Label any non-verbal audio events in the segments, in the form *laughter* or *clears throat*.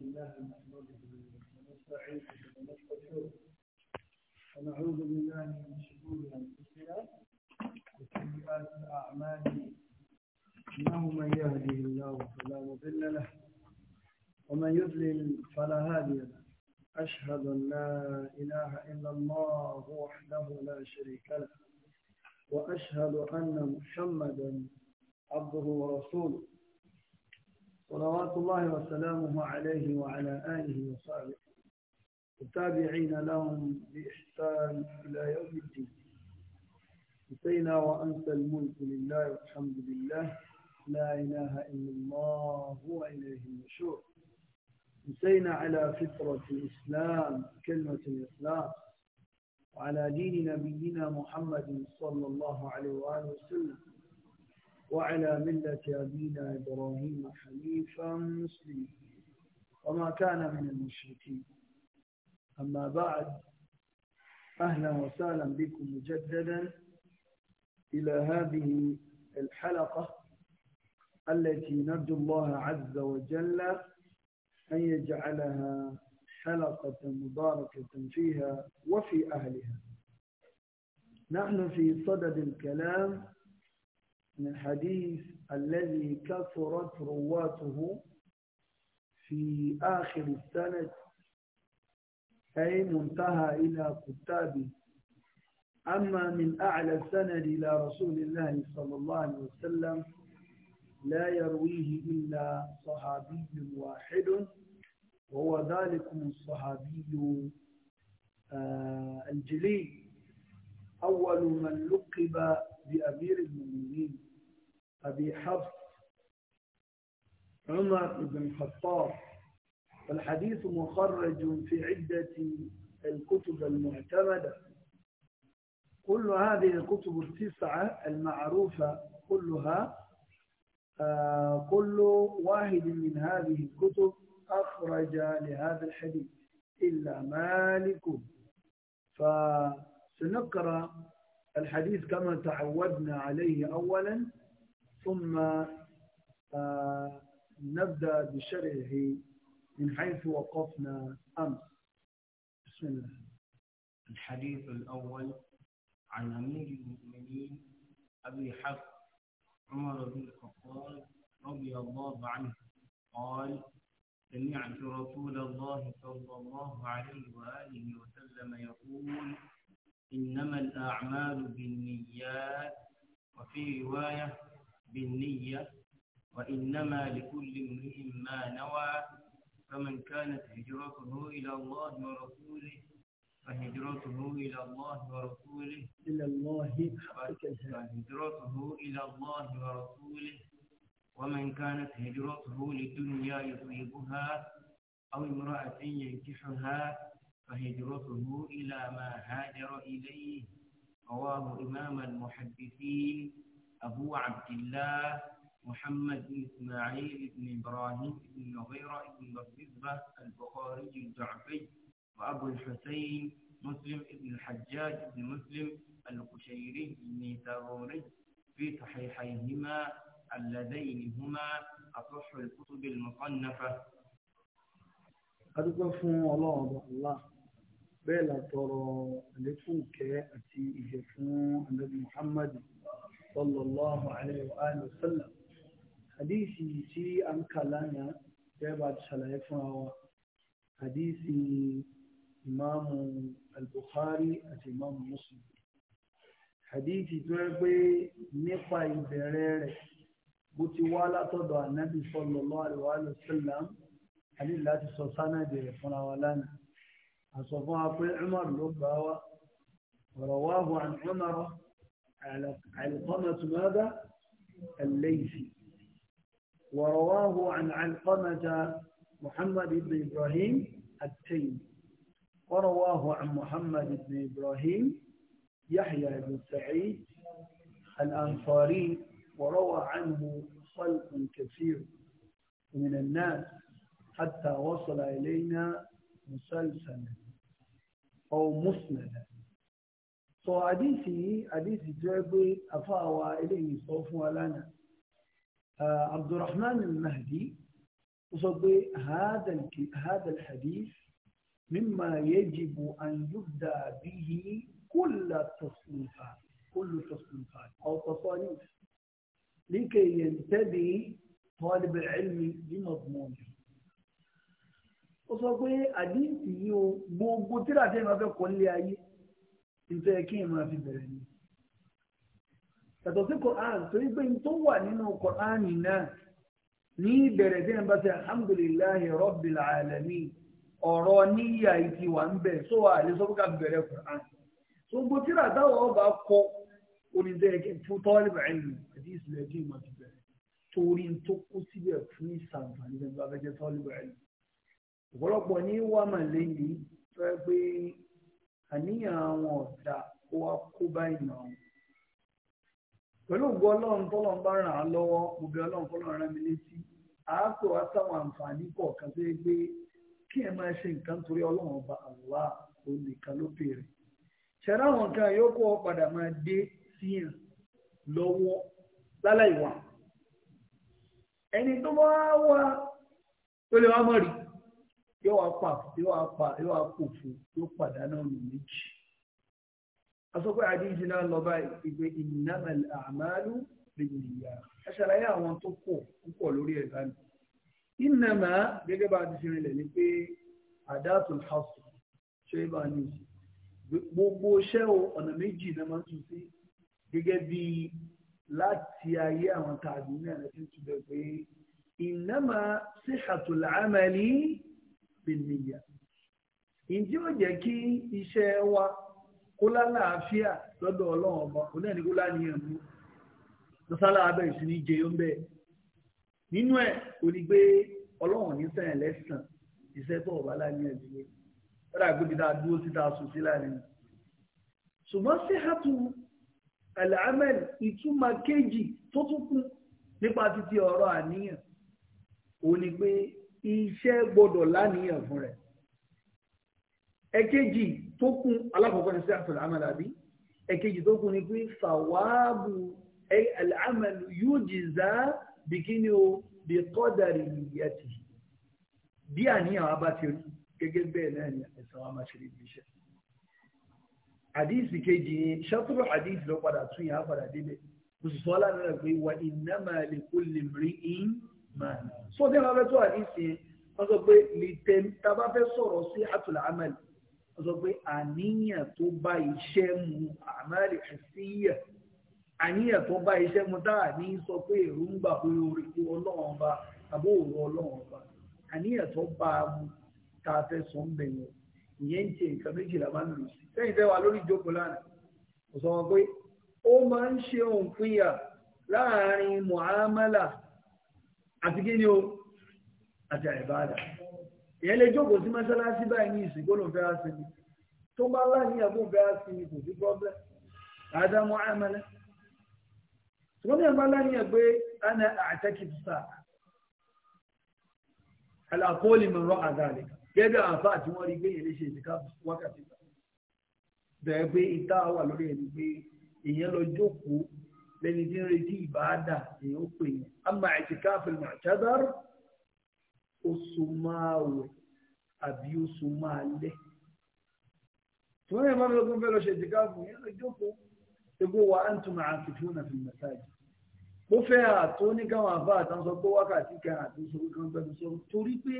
نحمده ونستعينه ونستغفره ونعوذ بالله من شرور انفسنا وسيئات اعمالنا انه من يهده الله فلا مضل له ومن يضلل فلا هادي له اشهد ان لا اله الا الله وحده لا شريك له واشهد ان محمدا عبده ورسوله صلوات الله وسلامه عليه وعلى آله وصحبه التابعين لهم بإحسان إلى يوم الدين أتينا وأنت الملك لله والحمد لله لا إله إلا الله وإليه المشور أتينا على فطرة الإسلام كلمة الإخلاص وعلى دين نبينا محمد صلى الله عليه وآله وسلم وعلى ملة أبينا إبراهيم حنيفا مسلما وما كان من المشركين أما بعد أهلا وسهلا بكم مجددا إلى هذه الحلقة التي نرجو الله عز وجل أن يجعلها حلقة مباركة فيها وفي أهلها نحن في صدد الكلام من حديث الذي كثرت رواته في آخر السنة أي منتهى إلى كتابه أما من أعلى السند إلى رسول الله صلى الله عليه وسلم لا يرويه إلا صحابي واحد وهو ذلك الصحابي الجليل آه، أول من لقب بأمير المؤمنين أبي حفص عمر بن الخطاب الحديث مخرج في عدة الكتب المعتمدة كل هذه الكتب التسعة المعروفة كلها آه كل واحد من هذه الكتب أخرج لهذا الحديث إلا مالك فسنقرأ الحديث كما تعودنا عليه أولا ثم آه، نبدأ بشرحه من حيث وقفنا أمس بسم الله الحديث الأول عن أمير المؤمنين أبي حفص عمر بن الخطاب رضي الله عنه قال سمعت رسول الله صلى الله عليه وآله وسلم يقول إنما الأعمال بالنيات وفي رواية بالنية وإنما لكل امرئ ما نوى فمن كانت هجرته إلى الله ورسوله فهجرته إلى الله ورسوله إلى الله فهجرته إلى الله ورسوله ومن كانت هجرته لدنيا يصيبها أو امرأة ينكحها فهجرته إلى ما هاجر إليه رواه إمام المحدثين أبو عبد الله محمد بن إسماعيل بن إبراهيم بن نغيرة بن بصبة البخاري الجعفي وأبو الحسين مسلم بن الحجاج بن مسلم القشيري بن النيسابوري في صحيحيهما اللذين هما أصح الكتب المصنفة adúpẹ́ fún الله الله بلا ترى la أتي àlékún فون àti محمد sallallahu alayhi wa sallam hadisi tí a ń kà lánàá gẹ́gẹ́ bá ti ṣàlàyé fún wa hadisi imaamu al-bukhari àti imaamu muslim hadisi tó yẹ pé nípa ìbẹ̀rẹ̀ rẹ̀ bó ti wá látọ̀dọ̀ ànábì sallallahu alayhi wa sallam àní láti sọ sánàdì rẹ̀ fúnra wa lánàá àsọ̀fún wa pé umar ló gbà wá wa rawahu an umar. علقمة ماذا الليثي ورواه عن علقمة محمد بن إبراهيم التيم ورواه عن محمد بن إبراهيم يحيى بن سعيد الأنصاري وروى عنه خلق كثير من الناس حتى وصل إلينا مسلسلا أو مسندا sọ àdìsí àdìsí tó ẹ pé àfáàwà eléyìí sọ fún wa lánàá uh, abdulrahman al-mahdi ó sọ pé hadha al-hadith mimma yajibu an yubda bihi kulla tasnifat kulla tasnifat aw tasanif likay yantabi talib al-ilmi li madmunihi ó sọ pé àdíǹtì yìí gbogbo tíra tí ẹ̀mọ́ fẹ́ kọ́ nílé ayé nítorí ẹ kí n máa fi bẹ̀rẹ̀ ni. yàtọ̀ sí Quran torí pé tó wà nínú Quran náà ní ìbẹ̀rẹ̀ tí ẹ bá ṣe alhamdulillahi rabbil alamin ọ̀rọ̀ níyà ìtì wà ń bẹ̀ só wà lè sọ bẹ̀rẹ̀ Quran. so gbogbo ọba kọ fún àti kí bẹ̀rẹ̀ torí tó kú síbẹ̀ fún abẹ́jẹ́ ọ̀pọ̀lọpọ̀ ní wàmà lẹ́yìn àníyàn àwọn ọ̀dà kó wá kó bá ìmọ̀ pẹ̀lú ògbó ọlọ́run tọ́lọ́run bá ràn án lọ́wọ́ mo ọlọ́run tọ́lọ́run rán mi létí àápè wá sáwọn àǹfààní kọ̀ọ̀kan tó yẹ pé kí ẹ máa ṣe nǹkan torí ọlọ́run ọba àlá òun ló ṣẹ̀rá àwọn nǹkan padà máa dé lọ́wọ́ lálẹ́ ìwà yóò wá pa yóò wá pa yóò wá kò fún yóò pàdánù ọ̀nà méjì. asọ́pẹ́ àdíjì náà lọ báyìí ìgbé innamal a'malu binniyat aṣàlàyé àwọn tó pọ̀ púpọ̀ lórí ẹ̀ bá mi. ìnàmà gẹ́gẹ́ bá a ti fi rinlẹ̀ ni pé adatul hasr ṣé bá a ní ìsìn gbogbo iṣẹ́ o ọ̀nà méjì náà máa ń tún sí gẹ́gẹ́ bí láti ayé àwọn tàbí náà ti tún bẹ̀ pé innama sihhatul amali bìnnìyà ìdí ò jẹ́ kí iṣẹ́ wa kó lálàáfíà lọ́dọ̀ ọlọ́run ọba kò náà ní kó láníyàn mú lọ́sálà abẹ́ ìsinmi jẹyọ bẹ́ẹ̀ nínú ẹ̀ ò ní gbé ọlọ́run ní sẹ́yìn lẹ́sàn iṣẹ́ tó ọba láníyàn jùlọ wọ́n dàgbé bí dáa dúró síta sùn sí ṣùgbọ́n sí hàtú àlàámẹ́lì ìtumọ̀ kejì tó tún kù nípa títí ọ̀rọ̀ àníyàn ò ní pé iṣẹ́ gbọ́dọ̀ láníyàn fún rẹ̀ ẹ̀kejì tó kún alákọ̀ọ́kọ́ ní sí àtọ̀lá àmàlàbí ẹ̀kejì tó kún ni pé fàwáàbù àmàlù yóò jìzá bìkíní o bí kọ́dàrí ìyàtì bí àníyàn wa bá ti rí gẹ́gẹ́ bẹ́ẹ̀ náà ni ẹ̀sán wa máa ṣe lè gbéṣẹ́ àdíìsì kejì ni ṣàtúrò àdíìsì ló padà tún yàn á padà débẹ̀ kò sì sọ ọ́ lánàá pé wà ìnámà lè kó lè rí so ní àwọn afẹ́tọ́ àdìsí wọ́n sọ pé lìtẹ̀ tàbá fẹ́ sọ̀rọ̀ sí àtúlà amẹ́l wọ́n sọ pé àníyàn tó bá iṣẹ́ mu àmàlì ẹ̀síyà àníyàn tó bá iṣẹ́ mu dáa ní sọ pé èròǹgbà orí ọlọ́run bá àbó òru ọlọ́run bá àníyàn tó bá a mu tá a fẹ́ sọ ń bẹ̀ yẹn ìyẹn ń ṣe nǹkan méjìlá máa ń lò sí sẹ́yìn fẹ́ wa lórí ìjókòó lánàá kò sọ pé ó máa ń ṣe òǹpinya láàrin muamala àti kí ni o àti àìbáadà ìyẹn lè sí mọ́ṣáláṣí báyìí ní ìsìnkú ló ń ni tó bá ni problem àmàlẹ́ ṣùgbọ́n ana mọ̀rọ̀ àdáàlẹ̀ gẹ́gẹ́ àfáà tí wọ́n rí gbé yẹn lè ṣe wákàtí itawa pé ìta wà lórí ẹni lẹ́ni tí ń retí ìbáadà ni ó pè yẹn ama ìtìkáfù mọ̀tẹ́dọ́r oṣù máa wẹ̀ àbí oṣù máa lẹ̀ tí wọ́n yẹn máa ń lọ́gbọ́n fẹ́ lọ ṣe ìtìkáfù yẹn lọ jókòó gbogbo wa á ń tún máa fi fún àfi mẹ́sáàjì mo fẹ́ àtó ní káwọn àbá àtàwọn pé wákàtí kan àti oṣù kan gbẹdú sọ torí pé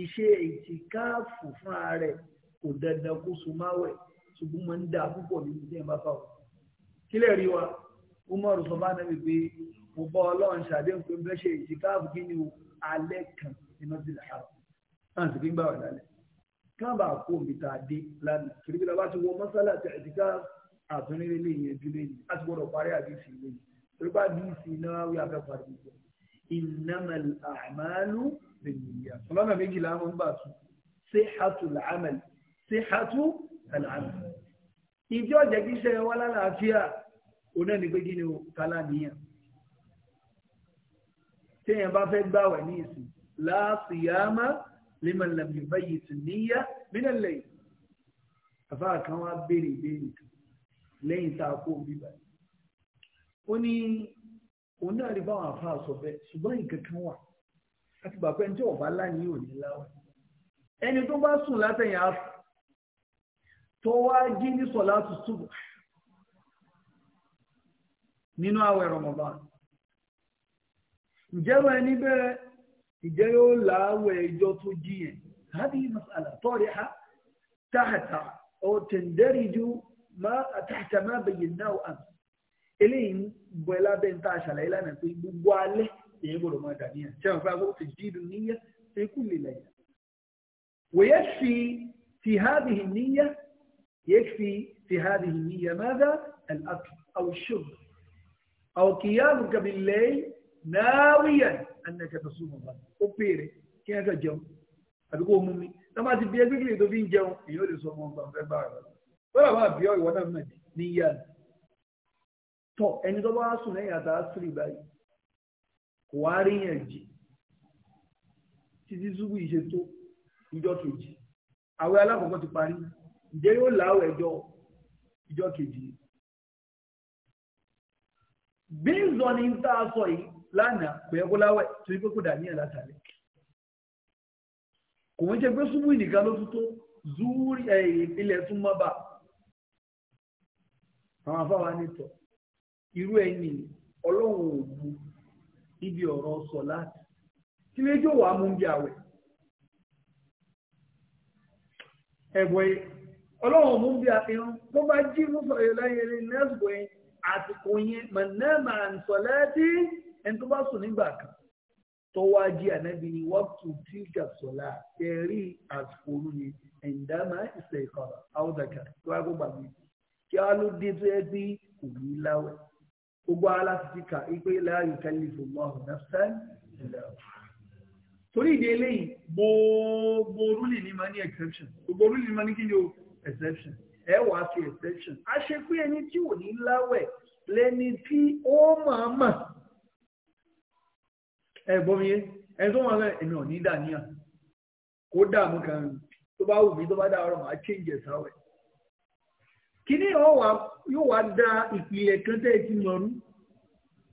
ìṣe ìtìkáfù fúnra rẹ̀ kò dandan kó sùn máa wẹ̀ ṣùgbọ́n mo ń dà púpọ̀ nínú Umaru sọ bá nẹ́bi pé mo bọ́ ọlọ́run ṣàdéhùn pé mo fẹ́ ṣe ìṣìkáàbù kí ni alẹ́ kan iná ti làárọ̀ náà sì fi ń gbà wà lálẹ́ kí wọ́n bá kó omi tá a dé lánàá torí pé lọ́ba ti wọ mọ́sálà àti ẹ̀díkà àtúnilé lè yẹn dúró yìí láti gbọ́dọ̀ parí àdìsí ilé yìí torí pé àdìsí náà wí afẹ́ parí ìjọ innamal a'malu binniyat ọlọ́nà méjìlá wọn gbà tún sihhatul amal sihhatul amal ìjọ jẹ́ kí iṣẹ́ wa lálàáfíà òun náà ni pé kí ni o kálá nìyàn téèyàn bá fẹ́ gbàwẹ̀ ní ìsìn láàsìyàmá liman lam yubayyit an-niyya min al-layl àfa kan wá béèrè ìbéèrè kan lẹ́yìn tá a kó omi báyìí ó ní òun náà rí báwọn àfa sọ bẹ́ẹ̀ ṣùgbọ́n nǹkan kan wà láti gbà pé ní tí ọba láyé ò ní láwẹ̀ ẹni tó bá sùn látẹ̀yìn àfọ̀ tó wá jí ní sọ̀lá tutù nínú àwẹ̀ Ramadan ìjẹ́wọ̀ ẹni bẹ́ẹ̀ ìjẹ́wọ̀ láàwẹ̀ ìjọ tó jíyàn láti masala tọ́rẹ̀ ha táhàtà ọ̀ tẹ̀ndẹ́rì ju táhàtà máa bẹ̀yẹ̀ náà àmì eléyìí bọ̀ lábẹ́ ń tá a ṣàlàyé lánàá pé gbogbo alẹ́ èyí gbọ́dọ̀ máa dà níyà tí a fẹ́ àwọn ti jí dùn níyà ẹkú lè lẹ́yìn wòye fi fi hádìhì níyà yẹ fi fi hádìhì níyà mẹ́ta al-akl aw ash-shurb أو قيامك بالليل ناويا أنك تصوم الغد ó péré kí ẹ kàn jẹun àbí kó mú mi lọ́mọ àti bí ẹgbẹ́ kìlì tó fi ń jẹun èyí ò lè sọ ọmọ ọgbà fẹ́ bá rẹ̀ bọ́lá bá bí ọ ìwọ náà mọ̀ ní yíyá ni. tọ ẹni tó bá sùn lẹ́yìn àtà sírì báyìí kò wá rí yẹn jì títí ṣubú yìí ṣe tó ìjọ kejì àwẹ̀ alákọ̀ọ́kọ́ ti parí ǹjẹ́ yóò láwọ̀ ẹjọ́ ìjọ kejì yìí based on in tá a sọ yìí lánàá kò yẹ kó láwẹ̀ tó yẹ pé kò dàní ẹ̀ látàlẹ́ kò wọ́n jẹ́ pé súnmù ìnìkan ló tún tó zúúrì ilẹ̀ tún mọ́ bá àwọn afáwa nìtọ̀ irú ẹni ọlọ́run ò bu níbi ọ̀rọ̀ sọ láti kí lè jọ wàá mú bí àwẹ̀ ẹ̀bọ̀ ọlọ́run mú bí àfihàn tó bá jí mú sọ̀rọ̀ láyé lẹ́sùn àsìkò yẹn mọ̀nẹ́mà àǹsọ̀lẹ́tì ẹni tó bá sùn nígbà kan tó wá jí ànábì ni wọ́pù tí gàṣọ́lá tẹ̀rí àsìkò òru ni ẹ̀ǹdàmà ìṣẹ̀ ìkọ̀rọ̀ àwùjọ tó wá gbọ́gbà mi kí wọ́n ló dé tó yẹ pé kò ní láwẹ̀ gbogbo aláti ti kà í pé láàyò kẹ́lí ìfowópamọ́ nafsan torí ìdí eléyìí gbogbo orúlì ni ma ní exception gbogbo orúlì ni ma ní kí ni o exception. ẹ wàá fi exception a eni ẹni tí ò ní láwẹ̀ lẹni tí ó máa mà ẹ gbọ́ mi ẹni tó máa lọ èmi ò ní kó dààmú kan tó bá wù mí tó bá dá ọ̀rọ̀ màá change ẹ̀ sáwẹ̀ kíní yóò wá da ìpìlẹ̀ ti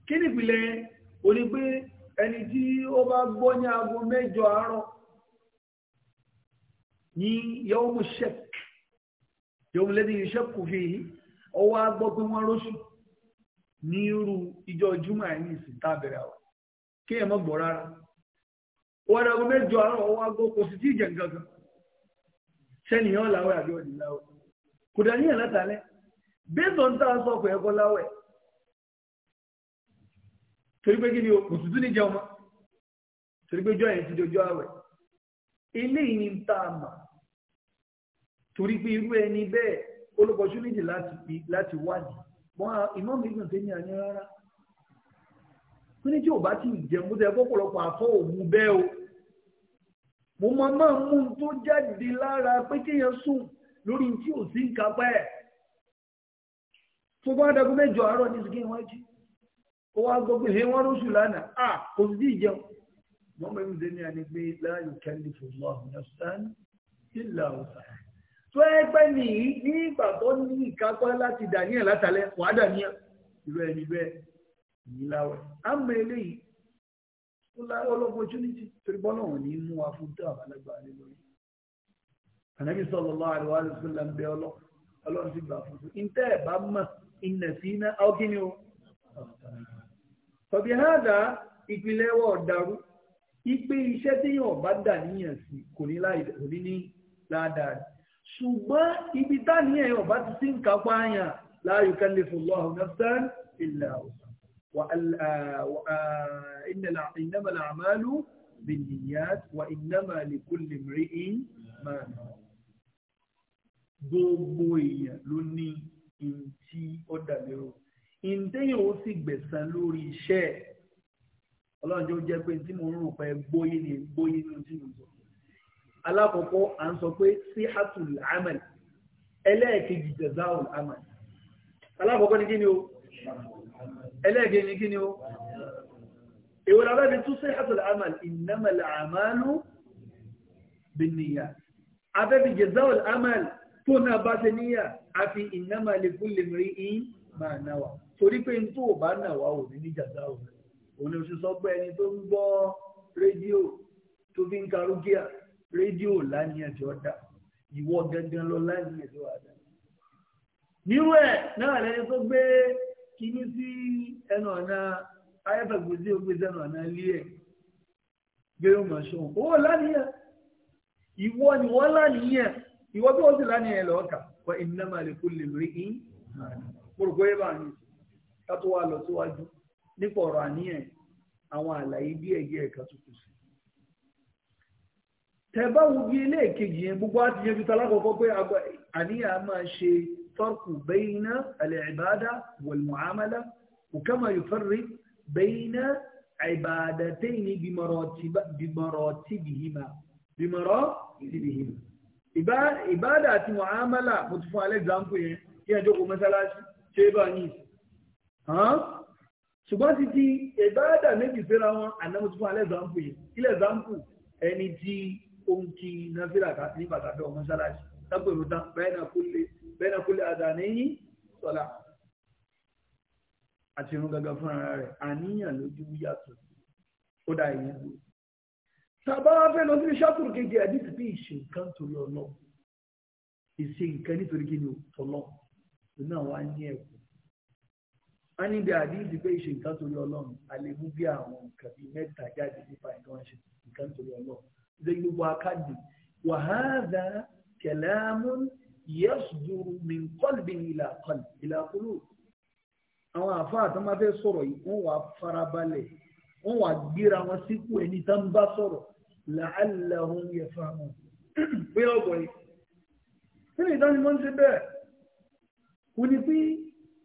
kíní ìpìlẹ̀ ẹni tí yawm ladhi yushaqqu fihi ó wá gbọ́ pé wọ́n róṣù ní irú ìjọ júmọ̀ ẹ̀ ní ìsìn tábẹ̀rẹ̀ àwọn kí ẹ̀ mọ́ gbọ́ rárá wọ́n dàgbọ́ mẹ́jọ àárọ̀ ó wá gbọ́ kò sì tí ì jẹ̀ nǹkan kan sẹ́niyàn láwẹ̀ àbí ọ̀dì láwẹ̀ kò dá níyàn látàlẹ́ bẹ́sọ̀ ń tàà sọ pẹ̀ ẹ̀kọ́ láwẹ̀ torí pé kí ni òtútù ní jẹun mọ́ torí pé jọ yẹn ti dojú àwẹ̀ ilé yìí ń tà mà torí pé irú ẹni bẹ́ẹ̀ olùpọ̀ṣúnìtì láti wádìí wọn iná mi gbọ̀n tẹ́yìn àní rárá wọn ní tí ò bá ti jẹun tẹ pọ̀pọ̀lọpọ̀ àfọ òun bẹ́ẹ̀ o mo máa máa mú un tó jáde lára pé kéèyàn sùn lórí tí ò sí nǹkan pẹ́ tó bá dagun mẹ́jọ àárọ̀ ní sìkẹ́ ìwájú ó wá gbọ́ pé ṣé wọ́n lóṣù lánàá à kò sí ìjẹun wọ́n mẹ́rin tẹ́yìn àní pé láàyò kẹ́lí fòlù àhùn ẹ̀sán ìlà ọ̀sán tó ẹgbẹ́ nìyí ní ìgbà tó ní ìkápá láti dàníyàn látàlẹ́ wà á dàníyàn ìlú ẹni bẹ́ẹ̀ ní láwẹ̀ á mọ eléyìí ó lá ọlọ́pọ̀tunity torí bọ́lá wọn ní mú wa fún tó àbálẹ́gbà rẹ lórí ànábì sallallahu alaihi fún ipe iṣẹ́ tí yóò bá dà kò ní ṣùgbọ́n ibi dání ẹ̀ ọ̀bá ti sí nǹkan pààyàn la yukallifu Allahu nafsan illa innama al-a'malu bin-niyyat wa innama likulli imri'in ma nawa gbogbo èèyàn ló ní ìntí ọ̀dà lérò ìntẹ́yìn ó sì gbẹ̀sán lórí iṣẹ́ ọlọ́run jẹ́ pé tí mo ń rò pé gbóyè ni gbóyè ni ti ń sọ alákọ̀ọ́kọ́ à ń sọ pé sihatul amal ẹlẹ́ẹ̀kejì jazaul amal alákọ̀ọ́kọ́ ni kíni o ẹlẹ́ẹ̀kejì ni kíni o èwo la bẹ́ẹ̀ tún sihatul amal innamal a'malu binniyat abẹ́bí jazaul amal tó náà bá ṣe níyà àfi innama likulli mri'in ma nawa torí pé n tó bá nàwà ò ní ní ni o ṣe sọ pé ẹni tó ń gbọ́ rédíò tó fi ń karúkíà rédíò lánìyàn tí ó ìwọ lọ lánìyàn tí ó nírú ẹ̀ náà lẹ́ni tó gbé kíní sí ẹnu ọ̀nà ayẹ́fẹ̀gbè sí ogbè sẹ́nu ọ̀nà ilé ẹ̀ gbé ọmọ ṣọ́n owó lánìyàn ìwọ ni wọ́n lánìyàn ìwọ bí wọ́n sì lọ́ọ̀kà iná máa lè kó lè rí i yẹ́ bá ká tó wà lọ síwájú nípa ọ̀rọ̀ àníyàn àwọn tẹ́bá wo bí ilé ìkejì yẹn gbogbo àti yẹn fi tala kọ̀ọ̀kọ́ pé àníyàn máa ṣe farku bayna al-ibada wal-mu'amala wa kama yufarriq bayna ibadatayni bimaratibihima bimaratibihima ìbádà àti mu'amala mo ti fún alẹ́gbàmù yẹn kí ẹjọ́ kò mẹ́sálásí ṣe é bá yìí ṣùgbọ́n ti ti ìbádà méjì fẹ́ra wọn àná mo ti fún alẹ́gbàmù yẹn ilẹ̀ ẹni tí ohun tí nàfílà tàbí ní bàtàbí ọmọ sálàjì tábìlì tán bẹ́ẹ̀nà kúlẹ̀ àdánẹ́yìn sọ́lá àti irun gangan fún ara rẹ̀ àníyàn lójú yàtọ̀ ó dá ìyẹn lò tàbá fẹ́ lọ sí ṣàtúrù kejì àdìsí bí ìṣe nǹkan torí ọlọ́ ìṣe nǹkan nítorí kí ni tọ́lọ́ nínú àwọn á ní ẹ̀kọ́ a ní bí àdìsí pé ìṣe nǹkan torí ọlọ́run a lè mú bí àwọn nǹkan bíi mẹ́ta jáde nípa ìdánwò nǹkan torí ọlọ́run zai yi wakadi wa hadha kalamun yasduru min qalbin ila qalb ila qulub àwọn àfáà tó máa fẹ́ sọ̀rọ̀ yìí wọ́n wà farabalẹ̀ wọ́n wà gbéra wọn síkú ẹni tó ń bá sọ̀rọ̀ la'allahum yafhamun *clears throat* pé ọ̀gbọ̀n yìí kí ni ìdánimọ̀ ń ṣe bẹ́ẹ̀ kò ní pín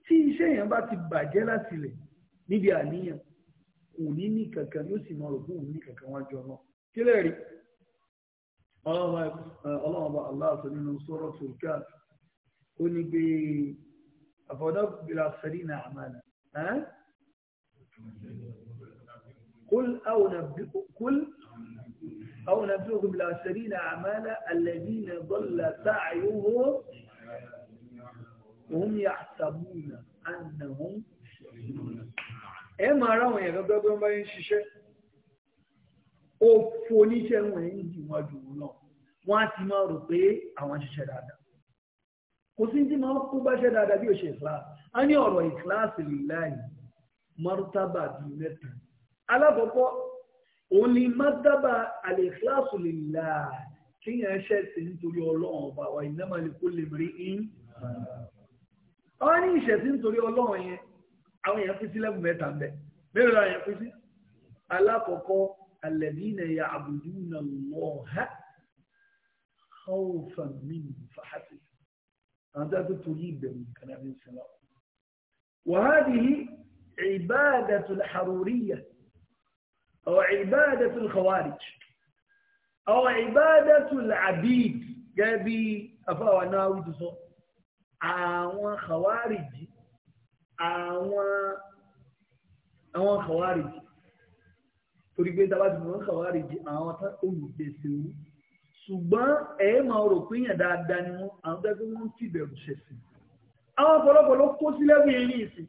tí iṣẹ́ yẹn bá ti bàjẹ́ láti lẹ̀ níbi àníyàn kò ní ní kankan yóò sì mọ̀ rò fún òun ní kankan wájú ọ̀nà kílẹ̀ rí i ọlọ́wọ́ba eh, aláàtọ̀ nínú sọ́rọ̀ tulkat ó ní pé àfọ̀dá bìlàfẹ́rí na àmàlà kúl àwọn àbíkùn bìlàfẹ́rí na àmàlà alẹ́bí na dọ́là sáàyówó òun yà sàbúnà annahun ẹ máa ráwọn èèyàn gẹ́gẹ́ bí wọ́n bá ń ṣiṣẹ́ ó fò níṣẹ́ wọn ń jìwájú náà wọ́n á ti máa rò pé àwọn ṣiṣẹ́ dáadáa kò sí tí máa kó bá ṣe dáadáa bí òṣè ìkíláàsì a ní ọ̀rọ̀ ìkíláàsì lillahi mọ́rútàbà bíi mẹ́ta alákọ̀ọ́kọ́ òun ni mọ́rútàbà àlèkíláàsì lillahi kíyàn ṣẹ̀ sí nítorí ọlọ́run ọba wa innama likulli imri'in wọ́n ní ìṣẹ̀sí nítorí ọlọ́run yẹn àwọn èèyàn fi sí lẹ́bùn mẹ́ta ń bẹ̀ mẹ́rin khawfan minhu fahasib àwọn tó torí ìbẹ̀rù kan náà ní sinmi ọ. wàhálì ibadatul haruriyya أو عبادة الخوارج أو عبادة العبيد جابي أفاو ناوي تصو àwọn خوارج àwọn àwọn خوارج torí pé dábàá ti mọ̀ خوارج àwọn tá olùgbèsè òun ṣùgbọ́n ẹ̀ẹ́mà rò pé yàn dáadáa ni wọ́n àwọn tẹ́gbẹ́ wọ́n ti bẹ̀rù ṣe sí àwọn ọ̀pọ̀lọpọ̀ ló kó sí lẹ́gbẹ̀ yẹn ní ìsìn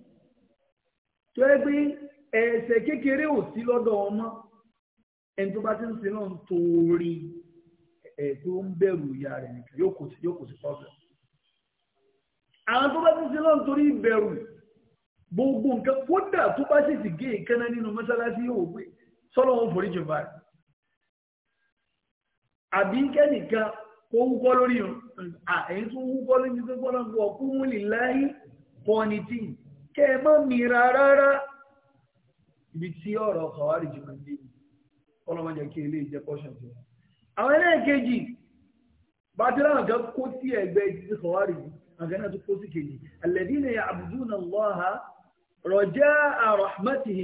tó yẹ pé ẹ̀ẹ̀ṣẹ̀ kékeré ò sí lọ́dọ̀ ọmọ ẹni tó bá ti ń sin náà ń torí ẹ̀ tó ń bẹ̀rù ìyá rẹ̀ nìkan yóò kò sí yóò kò sí pọ́ọ̀bẹ̀ àwọn tó bá ti ń sin náà ń torí ìbẹ̀rù gbogbo nǹkan kódà tó bá sì gé ìkànnà nínú mọ́ṣáláṣí yóò gbé sọ́lọ́ wọn forí jù báyìí àbí kẹ́nìkan kó wúkọ́ lórí ẹ̀yìn tó wúkọ́ lórí tó gbọ́nà gbọ́ kú mú lè láyé pọ́ni tí kẹ́ ẹ mọ́ mìíràn rárá ibi tí ọ̀rọ̀ kọ̀wárì jù máa ń dé mi ọlọ́mọdé kí ilé ìjẹ́ pọ́ṣọ̀ tó wà. àwọn ẹlẹ́ẹ̀kejì bàtírà nǹkan kó sí ẹgbẹ́ ìdílé kọ̀wárì yìí náà tó kó sí kejì alladhina ya'buduna Allaha raja'a rahmatihi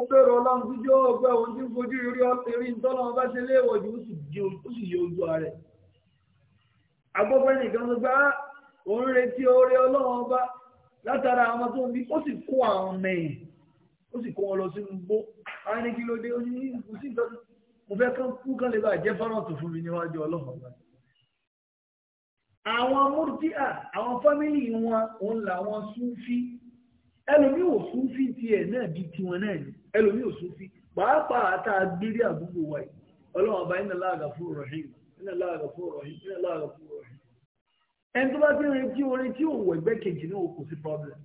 ó bẹ̀rẹ̀ ọlọ́run tí yóò ọgbẹ́ òun tí ń fojú rí ọkùnrin tọ́lọ́run bá ṣe léèwọ̀ jù ó sì yọ ojú ààrẹ agbọ́pẹ́ nìkan ló gbá ah, òun retí oore ọlọ́run bá látara àwọn tó ń bí ó sì kó àwọn mẹ́yìn ó sì kó wọn lọ sínú gbó àwọn ẹni kí ló dé ó ní kò sí ìtọ́jú mo fẹ́ kán kú kán lè bá jẹ́ fọ́nrán tó fún mi níwájú ọlọ́run ọba àwọn murtia àwọn fámìlì wọn òun làwọn súnfí ẹlòmí ò súnfí tiẹ̀ náà di tiwọn náà ni ẹlòmí ò súnfí pàápàá tá a gbérí àdúgbò wa yìí ọlọ́run ọba iná láàgà fún rọ̀hìn iná láàgà fún rọ̀hìn iná láàgà fún rọ̀hìn. ẹni tó bá ti rìn tí orin tí òun ẹgbẹ́ kejì náà kò sí problem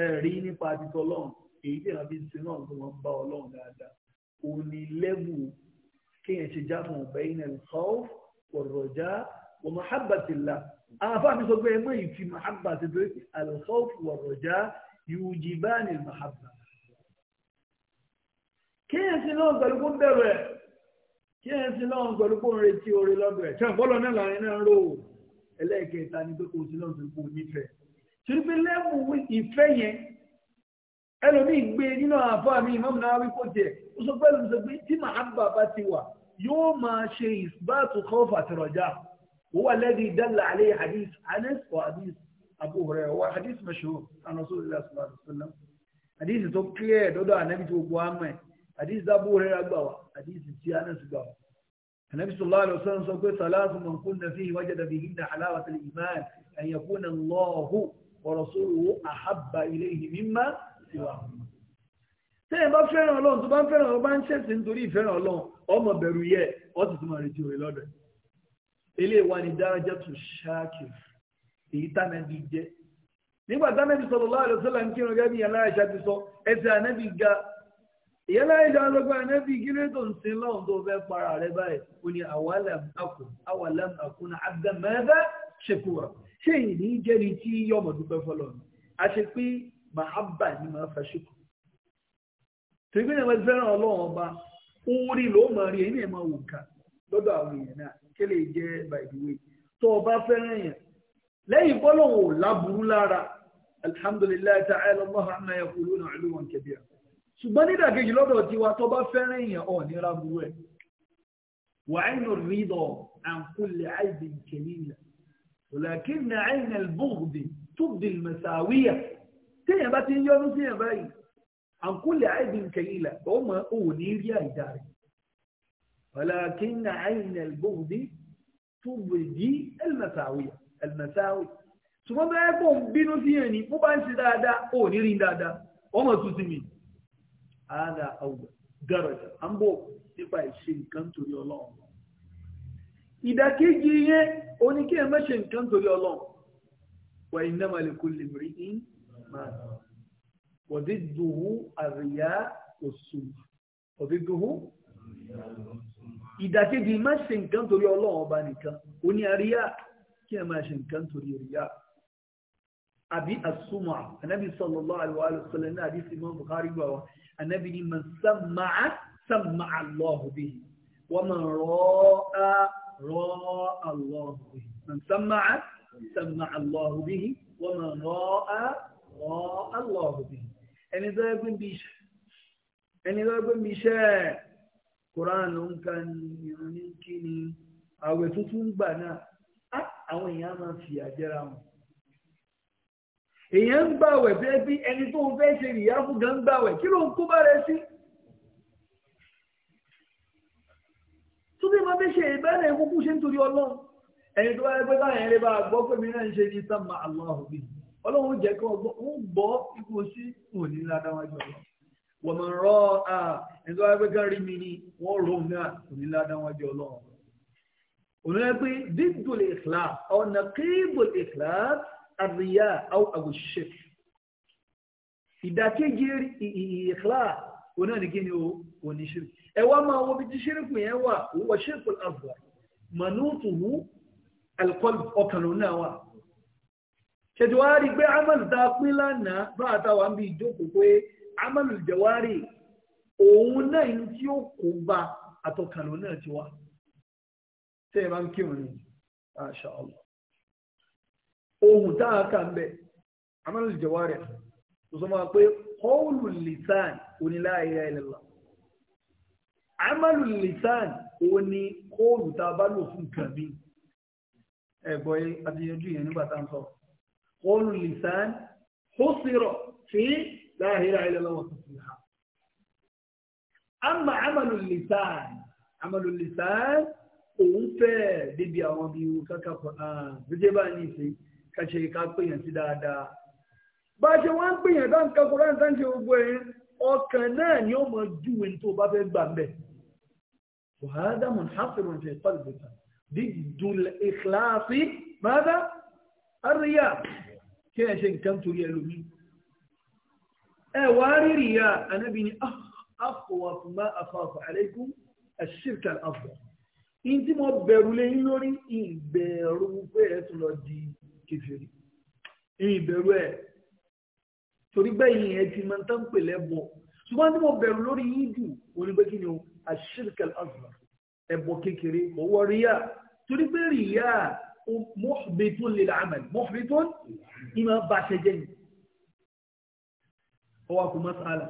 ẹ rí nípa àtìtọ́ ọlọ́run èyí tí ìrànbí ti náà tó wọn bá ọlọ́run dáadáa òun lẹ́bù kéèyàn ṣe jáfọ̀ ọ̀bẹ iná ìkọ́f ọ̀rọ̀já wọ يوجبان المحبة. كيف sí náà pẹ̀lú kó bẹ̀rù ẹ̀ kíyàn sí náà pẹ̀lú kó ń retí orí lọ́dọ̀ ẹ̀ tẹ́wọ̀n bọ́lọ̀ náà láàrin náà ń rò ó ẹlẹ́ẹ̀kẹta ni pé kò sí náà pẹ̀lú kó nífẹ̀ẹ́ torí pé lẹ́mù ìfẹ́ yẹn ẹlòmíì gbé nínú àfáà mi ìmọ̀mù náà wí kó tiẹ̀ ó sọ pé lóṣù pé tí mahabba bá ti wà yóò máa ṣe ìsbáàtù khawf àtìrọ̀jà wọ́n wà lẹ́bi dalla alayhi hadith anas wa hadith Abu Hurairah wa hadith mashhur an Rasulullah sallallahu alaihi wasallam hadith tó clear dọ́dọ̀ ànábì tó gbọ́ àmọ́ ẹ̀ hadith tí Abu Hurairah gbà wá hadith tí Anas gbà wá. النبي صلى الله عليه وسلم سوف ثلاث من كنا فيه وجد فيهن حلاوة الإيمان أن يكون الله ورسوله أحب إليه مما سواه tẹ́yìn bá fẹ́ràn ọlọ́run tó bá ń fẹ́ràn ọba ń ṣẹ̀sìn nítorí ìfẹ́ràn ọlọ́run ọmọ bẹ̀rù yẹ ọ́ sì tún máa retí òye lọ́dọ̀ ilé wa ni dáradá tó ṣáàkìrì èyí tánàbí jẹ́ nígbà tánàbí sallallahu alaihi wasallam ń kírun gẹ́gẹ́ bí ìyànlá àìṣà ti sọ ẹsẹ̀ ànábì ga ń sin tó para rẹ báyìí ní ṣé ìní ni tí yọmọ a ṣe pé mahabba ni máa fa ṣekù tìgbìnà wọn fẹ́ràn ọlọ́run ọba orí ló máa rí èyí ni ẹ̀ máa wò ká àwọn èèyàn náà kí lè tó لا لي بلو لبولارا الحمد لله تعالى الله عما يقولون علوا كبيرا سبحان الله كي يلوه تيوا توبا فرين يا أوه بوه وعين الرضا عن كل عيب كليل ولكن عين البغض تبدي المساوية تيه باتين يونو تيه باي عن كل عيب كليل وما أوه نيريا إداري ولكن عين البغض تبدي المساوية àlùmọ̀sáwì ṣùgbọ́n bẹ́ẹ̀ kò ń bínú sí yẹn ni bó bá ń ṣe dáadáa ó ní rí dáadáa ó mọ̀ tuntun mi. àádá àwùjọ daraja à ń bọ̀ nípa ìṣe nǹkan torí ọlọ́run. ìdàkejì yẹn oníkéèyàn má ṣe nǹkan torí ọlọ́run. wà innama likulli imri'in máa wọ̀dí dùhù àríyá òṣù wọ̀dí dùhù ìdàkejì má ṣe nǹkan torí ọlọ́run ọba nìkan ó àríyá kí ẹ máa ṣe nǹkan torí ríyà àbí àsùnmọ̀ anábì sallallahu alaihi wa sallam ní àdìsí mọ́ Bukhari gbà wá anábì ní man sama'a sama'a Allahu bihi wa man ra'a ra'a Allahu bihi man sama'a sama'a Allahu bihi wa man ra'a ra'a Allahu bihi ẹni tó ẹgbẹ́ bí iṣẹ́ ẹni tó ẹgbẹ́ bí iṣẹ́ Quran ló ń kan ìròyìn kíni àwẹ̀ tuntun gbà náà àwọn èèyàn máa fi àjẹra wọn èèyàn ń gbàwẹ̀ bẹ́ẹ̀ bí ẹni tó ń fẹ́ ṣe ìyá fún gan gbàwẹ̀ kí ló ń kó bá rẹ sí. tó bí wọ́n fẹ́ ṣe ìbẹ́rẹ̀ kúkú ṣe ń torí ọlọ́run ẹni tó bá yẹ pé báyẹn lè bá gbọ́ pé mi náà ń ṣe ní sàmà aláhùn mi ọlọ́run jẹ́ kí wọ́n gbọ́ ipò sí òní ládáwájú ọlọ́run wọ́n mọ̀ rọ́ ẹni tó bá yẹ pé kárí mi ni wọ́n rò náà òní ládáwájú ọlọ́run olùdarí pé dídùn ikhlas ọ̀nà kéèbùl ikhlas àríyá àwọn àwòṣe ìdàkejì ikhlas onáàdìgíní oníṣirò ẹwà máa wo bí tí ṣírìkù yẹn wà wọ ṣírìkù àgbà mọ̀nútùú alkọlù ọkànlù náà wà ṣètò wá rí pé amalu tá a pín lánàá bá àtàwà ń bí ìjókòó pé amalu jẹwárì òun náà ní tí ó kó bá àtọkànlù náà ti wà tẹ́ ẹ bá ń kírun ní Masha Allah ohun tá a kà ń bẹ amánú sì jẹwọ́ rẹ̀ tó sọ máa pé qawlu lisan oní la ilaha illallah amalu lisan oní kóòlù tá a bá lò fún kàmí ẹ̀gbọ́ yẹn àtìyànjú yẹn nígbà tá a lisan husira fi la ilaha illallah wọ́n tuntun ha. أما عمل اللسان عمل اللسان òun fẹ́ débi àwọn bí i kankan gbẹ́jẹ́ bá ní ìsìn kàṣẹ ká pèèyàn sí dáadáa bá ṣe wọ́n ń pèèyàn bá ń kakọ láti sáńṣe gbogbo ẹ̀yìn ọkàn náà ni ó mọ júwe tó bá fẹ́ gbà mbẹ̀ wàhálà mọ̀ hafẹ́rọ̀ ṣe pàdé bẹ̀ta bí dùn ìkìláàfin mọ́tà àríyá kí ẹ ṣe nǹkan torí ẹlòmí ẹ wà rí ríyà anábì ni afọwàfùmá ah, afọwàfù alaykum ashirka in tí mo bẹ̀rù lé yín lórí ìbẹ̀rù pé ẹ tún lọ di kèfèrí ìbẹ̀rù ẹ̀ torí gbẹ̀yìn ẹ ti máa ń tán pè lẹ́bọ̀ ṣùgbọ́n tí mo bẹ̀rù lórí yín jù onígbé kí ni o àṣírkẹ̀lẹ̀ azra ẹ̀bọ̀ kékeré ọwọ́ ríyà torí pé ríyà muhbitun lil amal muhbitun ìmọ̀ bàṣẹ jẹ́ ni ọwọ́ kò mọ́ sálà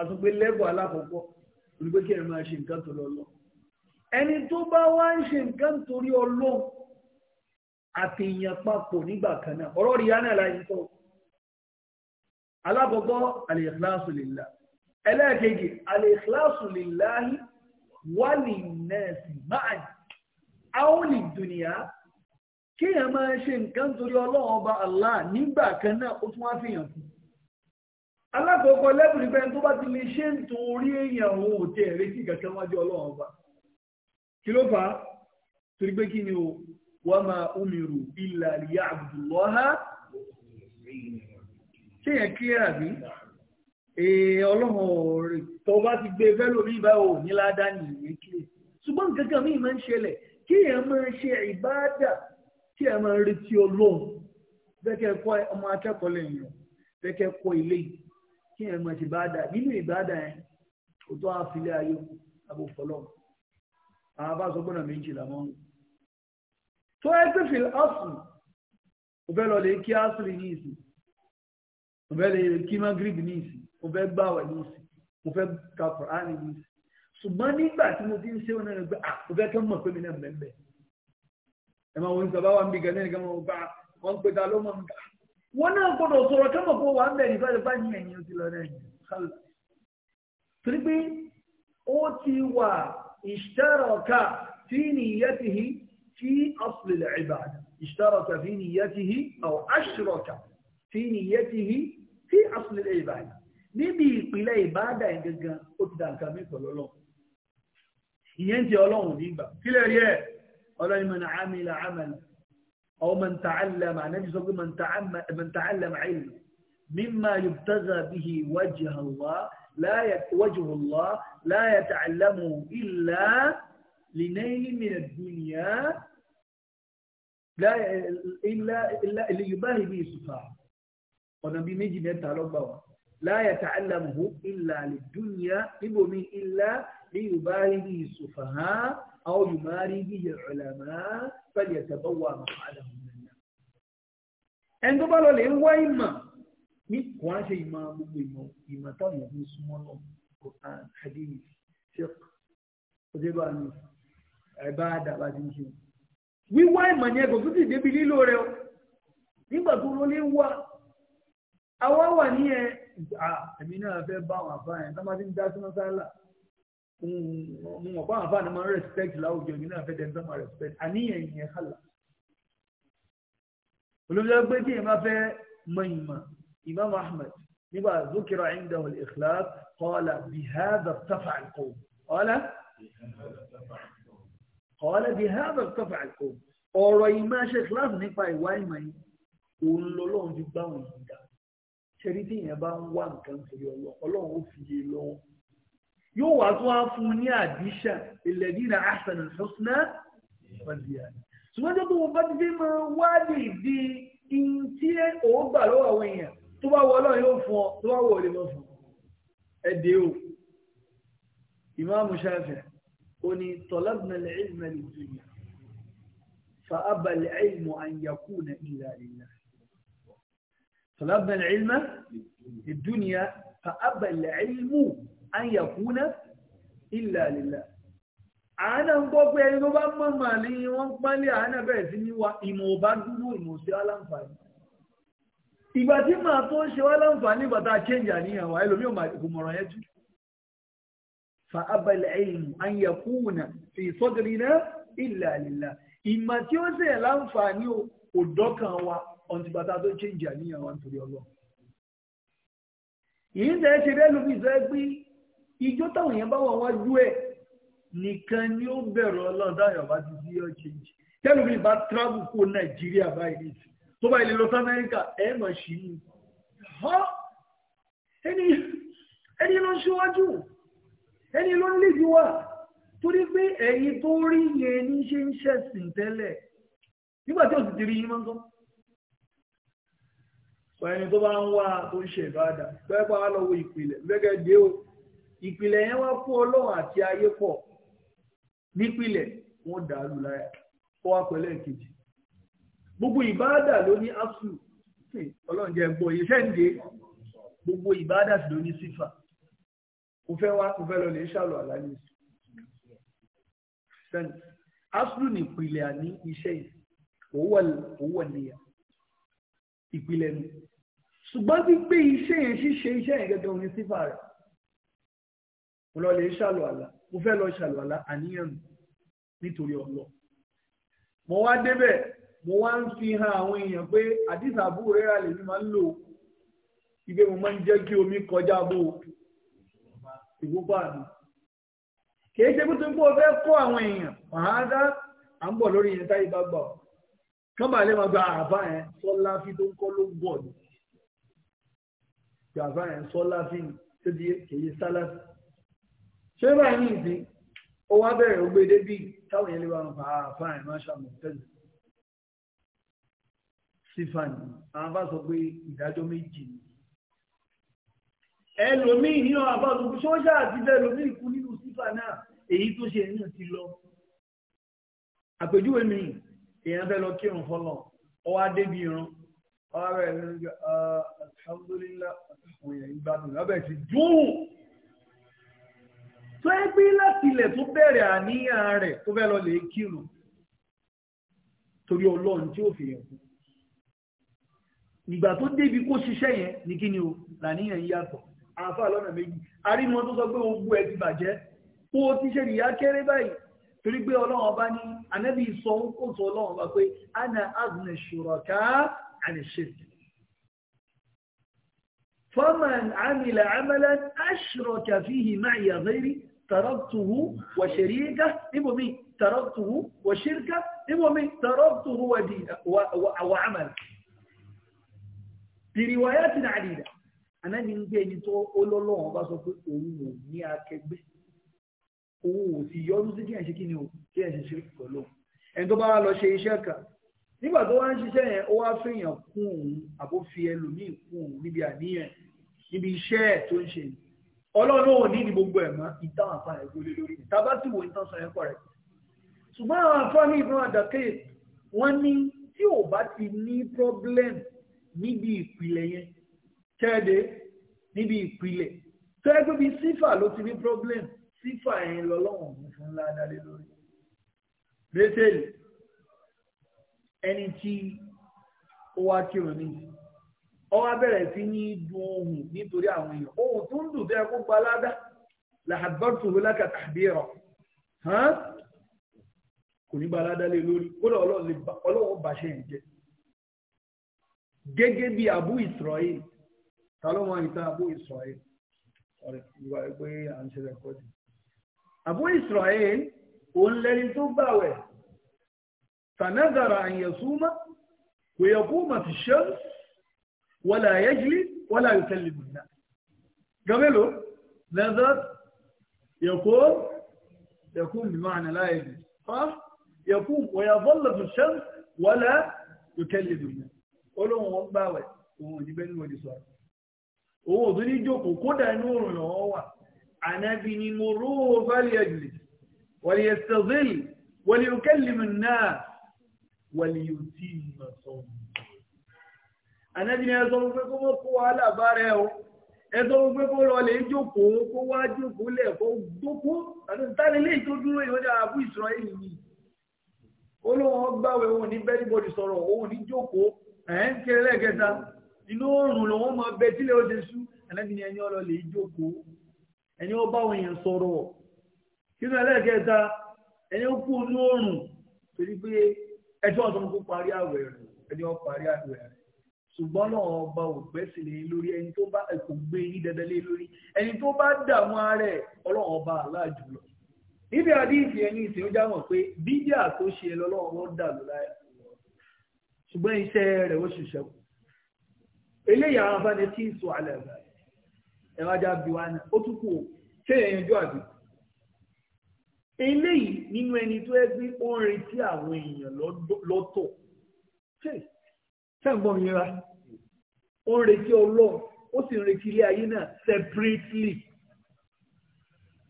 àtúgbé alákọ̀ọ́kọ́ onígbé kí ẹ máa ṣe nǹkan tó lọ lọ́ọ́ ẹni tó bá wá ń ṣe nǹkan torí ọlọ́run àtìyàn papọ̀ nígbà kan náà ọ̀rọ̀ rí yánà láyé tó alábọ̀bọ̀ al ẹlẹ́ẹ̀kejì al-ikhlasu lillahi máa ṣe ọba nígbà kan náà ó tún wá fìyàn fún lẹ́bùrú tó bá ti lè ṣe ń torí èèyàn òun ò tẹ̀ ọba kí ló fà á torí pé kí ni o wa ma umiru illa liya'budullaha ṣé yẹn clear àbí ọlọ́run ọ̀rẹ́ tó bá ti gbé fẹ́lò ní ìbáwò ní ládá ní ìwé kílè ṣùgbọ́n kankan míì máa ń ṣẹlẹ̀ kí èèyàn máa ṣe ìbáàdà kí èèyàn máa retí ọlọ́run bẹ́kẹ́ kọ́ ọmọ akẹ́kọ̀ọ́ lẹ́yìn bẹ́kẹ́ kọ́ ilé kí èèyàn máa ṣe ìbáàdà nínú ìbáàdà yẹn kò àfilẹ́ ayé àbòfọlọ́run àwọn bá sọ gbọ́nà méjì làmọ́ ń tó ẹgbẹ́ fìlà áṣù òbẹ́ lọ lè kí áṣìrì ní ìsìn òbẹ́ lè kí magrib ní ìsìn òbẹ́ gbàwẹ̀ ní ìsìn mo fẹ́ ka Kùránì ní ìsìn ṣùgbọ́n nígbà tí mo ti ń ṣe wọn náà gbé òbẹ́ kẹ́ mọ̀ pé mi náà mẹ́mẹ́ ẹ máa wọn sábà wà bí gẹ́gẹ́ nìkan wọn gbà wọn pè ta ló mọ̀ nígbà wọn náà gbọ́dọ̀ sọ̀rọ̀ kẹ́ mọ̀ wà ń bẹ̀ اشترك في نيته في أصل العبادة اشترك في نيته أو أشرك في نيته في أصل العبادة نبي قيل عبادة عند الجن أتدعى كمين كل الله ينتي الله نبى كل رجال الله من عمل عمل أو من تعلم نبي صلى من تعلم من تعلم علم مما يبتغى به وجه الله لا وجه الله لا يتعلمه إلا لنيل من الدنيا لا إلا إلا اللي يباهي به سبحانه ونبي ميجي نتا لبوا لا يتعلمه إلا للدنيا يبومي إلا ليباهي به السفهاء أو يماري به العلماء فليتبوى مقعده من النار. عندما لو لين وين ما ní kò á ṣe ìmọ̀ gbogbo ìmọ̀ ìmọ̀ táwọn èèyàn ń súnmọ́ náà kò á ṣàdé yìí ṣẹ́k ó ṣe bá mi ẹ̀bá àdàbà ti ń ṣe. wíwá ìmọ̀ ni ẹ̀kọ́ tó sì débi lílo rẹ̀ o nígbà tó lólé wá àwa wà ní ẹ̀ ẹ̀mí náà fẹ́ bá àwọn àbá yẹn táwọn ti ń dá sínú sálà mo mọ̀ bá àwọn àbá ni máa ń respect láwùjọ ẹ̀mí náà fẹ́ tẹ́ńtọ́ máa respect إمام أحمد لما ذكر عنده الإخلاص قال بهذا ارتفع القوم قال قال بهذا ارتفع القوم أرى ما شخلاف نفاي واي ماي قول لولون جباون هندا شريطين يبان وان كان سيو الله الله وفي لون يو أتوا فمني أديشة الذين أحسن الحسنى والديانة سواجدوا وفاد بما وادي دي انتين أوبا لو أوين tó bá wọ ọlọ́run yóò fún ọ tó bá wọ olè mọ́ fún ẹ dé o ìmáàmù Ṣáfi'í ó ní talabna al-ilma lid-dunya fa aba al-ilmu an yakuna illa lillah talabna al-ilma lid fa aba al-ilmu an yakuna illa àánà ń gbọ́ pé ẹni tó bá mọ̀ ní wọ́n pálí àánà bẹ́ẹ̀ sí ní wa ìmọ̀ ò bá dúró ìmọ̀ sí aláǹfààní ìgbà tí màá tó ṣe wá láǹfààní bàtà change àníyàn wa ẹlòmí kò mọ̀ràn yẹn tú. fa abal ilm an yakuna fi sadrina illa lillah ìmọ̀ tí ó ṣe láǹfààní ò dọ́kàn wa ọ̀ntì bàtà tó change àníyàn wa nítorí ọlọ́run. yìí ń tẹ́ ṣe bẹ́ẹ̀ lómi ìfẹ́ pé ìjọ táwọn yẹn bá wà wájú ẹ̀ nìkan ni ó bẹ̀rù ọlọ́run táwọn yàrá ti change tẹ́lómi bá travel kó nàìjíríà báyìí tó bá ilé lọ sí amẹ́ríkà ẹ mọ̀ sí i ẹni ẹni ló ń ṣíwájú ẹni ló ń lébi wá torí pé ẹ̀yin tó rí yẹn ní ṣe ń ṣẹ̀sìn tẹ́lẹ̀ nígbà tí ó sì ti rí yín máa ń tán sọ ẹni tó bá ń wá tó ń ṣe ìbáadà pẹ́ẹ́pá wá lọ́wọ́ ìpìlẹ̀ gẹ́gẹ́ dé o ìpìlẹ̀ yẹn wá kó ọlọ́run àti ayé pọ̀ nípìlẹ̀ wọ́n dàálù láyà ó wá pẹ̀lẹ́ kejì gbogbo ìbáàdà ló ní asu hmm, ọlọ́run jẹ́ gbọ́ iṣẹ́ ń dé gbogbo ìbáàdà ló ní sífà kò fẹ́ wá kò fẹ́ lọ lè ṣàlọ́ àlàyé asu ní ìpìlẹ̀ àní iṣẹ́ yìí òwò nìyà ìpìlẹ̀ mi ṣùgbọ́n gbígbé iṣẹ́ yẹn ṣíṣe iṣẹ́ yẹn gẹ́gẹ́ orin sífà rẹ̀ mo lọ lè ṣàlọ́ àlà mo fẹ́ lọ ṣàlọ́ àlà àníyàn nítorí ọlọ́ mo wá débẹ̀ mo wá ń fi hàn àwọn èèyàn pé àdìs àbúrò rẹ́rà lèmi máa ń lò ibi mo máa ń jẹ́ kí omi kọjá bó ìgbópa mi kìí ṣe bí tó ń kó fẹ́ kọ́ àwọn èèyàn màádá à ń bọ̀ lórí yẹn táyé bá gbà ọ́ kọ́mbà lè máa gba àbá yẹn sọ́lá fi tó ń kọ́ ló ń bọ̀ ni àbá yẹn sọ́lá fi tó di kìí sálá fi ṣé báyìí ní ìdí ó wá bẹ̀rẹ̀ ó táwọn yẹn lè wá ń fa àbá yẹn máa ṣàmùtẹ́lẹ̀ sífàní àwọn bá sọ pé ìdájọ́ méjì ni ẹlòmíì nínú àbáṣọ pé ṣọ́ṣà àti ẹlòmíì kú nínú sífà náà èyí tó ṣe náà ti lọ àpèjúwe mi èèyàn fẹ́ lọ kírun fọlọ́ ọwọ́ adébí irun ọwọ́ ah, rẹ̀ lọ́jọ́ alhamdulilah òyìn ìgbàdùn ọbẹ̀ ti dùn tó ẹ gbé láti tó bẹ̀rẹ̀ àníyàn rẹ̀ tó fẹ́ lọ lè kírun torí ọlọ́run tí ó fi yẹn fún nígbà tó débi kó ṣiṣẹ́ yẹn ní kí ni o làníyàn ń yàtọ̀ àáfà lọ́nà méjì arímọ tó sọ pé ogun ẹ ti bàjẹ́ kó o ti ṣe nìyá kéré báyìí torí pé ọlọ́run ọba ní ànábì sọ ń kó sọ ọlọ́run ọba pé ana azna shuraka ani shirk faman amila amalan ashraka fihi ma'iya ghairi taraktuhu wa sharika ibomi taraktuhu wa shirka ibomi taraktuhu wa amala bìrìwáyà ti náà dìda ànábi ń gbé ẹni tó olólùwọ̀n bá sọ pé òun ò ní akẹgbẹ́ òun ò sì yọrù sí kí ẹ̀ ṣe kí ni o kí ẹ̀ ṣe ṣe pẹ̀lú ẹni tó bá lọ ṣe iṣẹ́ kan nígbà tó wá ń ṣiṣẹ́ yẹn ó wá fèèyàn kún òun àbó fi ẹlòmíì kún òun níbi àníyàn níbi iṣẹ́ tó ń ṣe ọlọ́run ò ní ní gbogbo ẹ̀ mọ́ ìtàn àpá rẹ̀ gbólé lórí ìta bá sì wò ìtàn sọ ẹ̀kọ́ rẹ̀ ṣùgbọ́n àwọn afáàní ìfún àdàkẹ́ wọ́n ní tí ò bá ti ní problem níbi ìpìlẹ̀ yẹn kẹ́ẹ̀dé níbi ìpìlẹ̀ tó yẹ pé bí sífà ló ti ní problem sífà yẹn lọ́lọ́wọ̀n mú fún ńlá dálé lórí bẹ́tẹ̀lì ẹni tí ó wá kírun ní ọwá bẹ̀rẹ̀ sí ní dùn ohùn nítorí àwọn èèyàn ohùn tó ń dùn bẹ́ẹ̀ kó gbalada làbọ́tò lákàtà bí ẹ̀rọ kò ní gbalada lé lórí kó ọlọ́wọ́ bàṣẹ́ yẹn jẹ́ gẹ́gẹ́ bí abu israel ta ló mọ ìta abu israel ọ̀rẹ́ ìwà pé à ń ṣe rẹ́kọ́dì abu israel òun lẹni tó gbàwẹ̀ tanazara an yasuma wa yaquma fi shams wala yajli wala yukallimu an-nas gabelo nazar yaqum يكون بمعنى لا يجلس صح يقوم olóhùn wọn gbàwẹ̀ òun ò ní bẹ́ẹ̀ ní wọ́n ti sọ òun ò tún ní jókòó kódà inú òrùn lọ́wọ́ wà ànábì ni mo rú fàlíyàjìlì wàlíyàsítàzìl wàlíyàkẹ́lìmù náà wàlíyàtì màsán ànábì ni ẹ̀sọ́ fún pé kó mọ́ kó wàhálà bá o ẹ̀sọ́ fún kó lọ lè jókòó kó wá jókòó lẹ̀ kó jókòó àti táni lè tó dúró ìwọ́n dà àbú ìsọ̀rọ̀ yìí olóhùn gbàwẹ̀ òun ní bẹ́ẹ̀ e ń kéré lẹ́ẹ̀kẹta inú oòrùn lòun máa bẹ tílé ẹni ọlọ lè jókòó ẹni ó bá sọ̀rọ̀ ẹni ó kú inú oòrùn torí pé ẹjọ́ ọ̀tún kó parí àwẹ̀ rẹ̀ ẹni ó parí àwẹ̀ rẹ̀ e ẹni tó bá gbé dandan e ẹni tó bá dààmú ọlọ́run ọba ṣùgbọ́n iṣẹ́ rẹ̀ ó ṣiṣẹ́ kù eléyìí àwọn afáàní tí ń sọ àlẹ́ ẹ̀fà ẹ̀rọ ajá bí wa náà ó tún kù ó ṣé èèyàn jọ àbí. eléyìí nínú ẹni tó ẹ gbé ó ń retí àwọn èèyàn lọ́tọ̀ ṣé sẹ́ǹgbọ́n mi ra ó ń retí ọlọ́run ó sì ń retí ilé ayé náà separately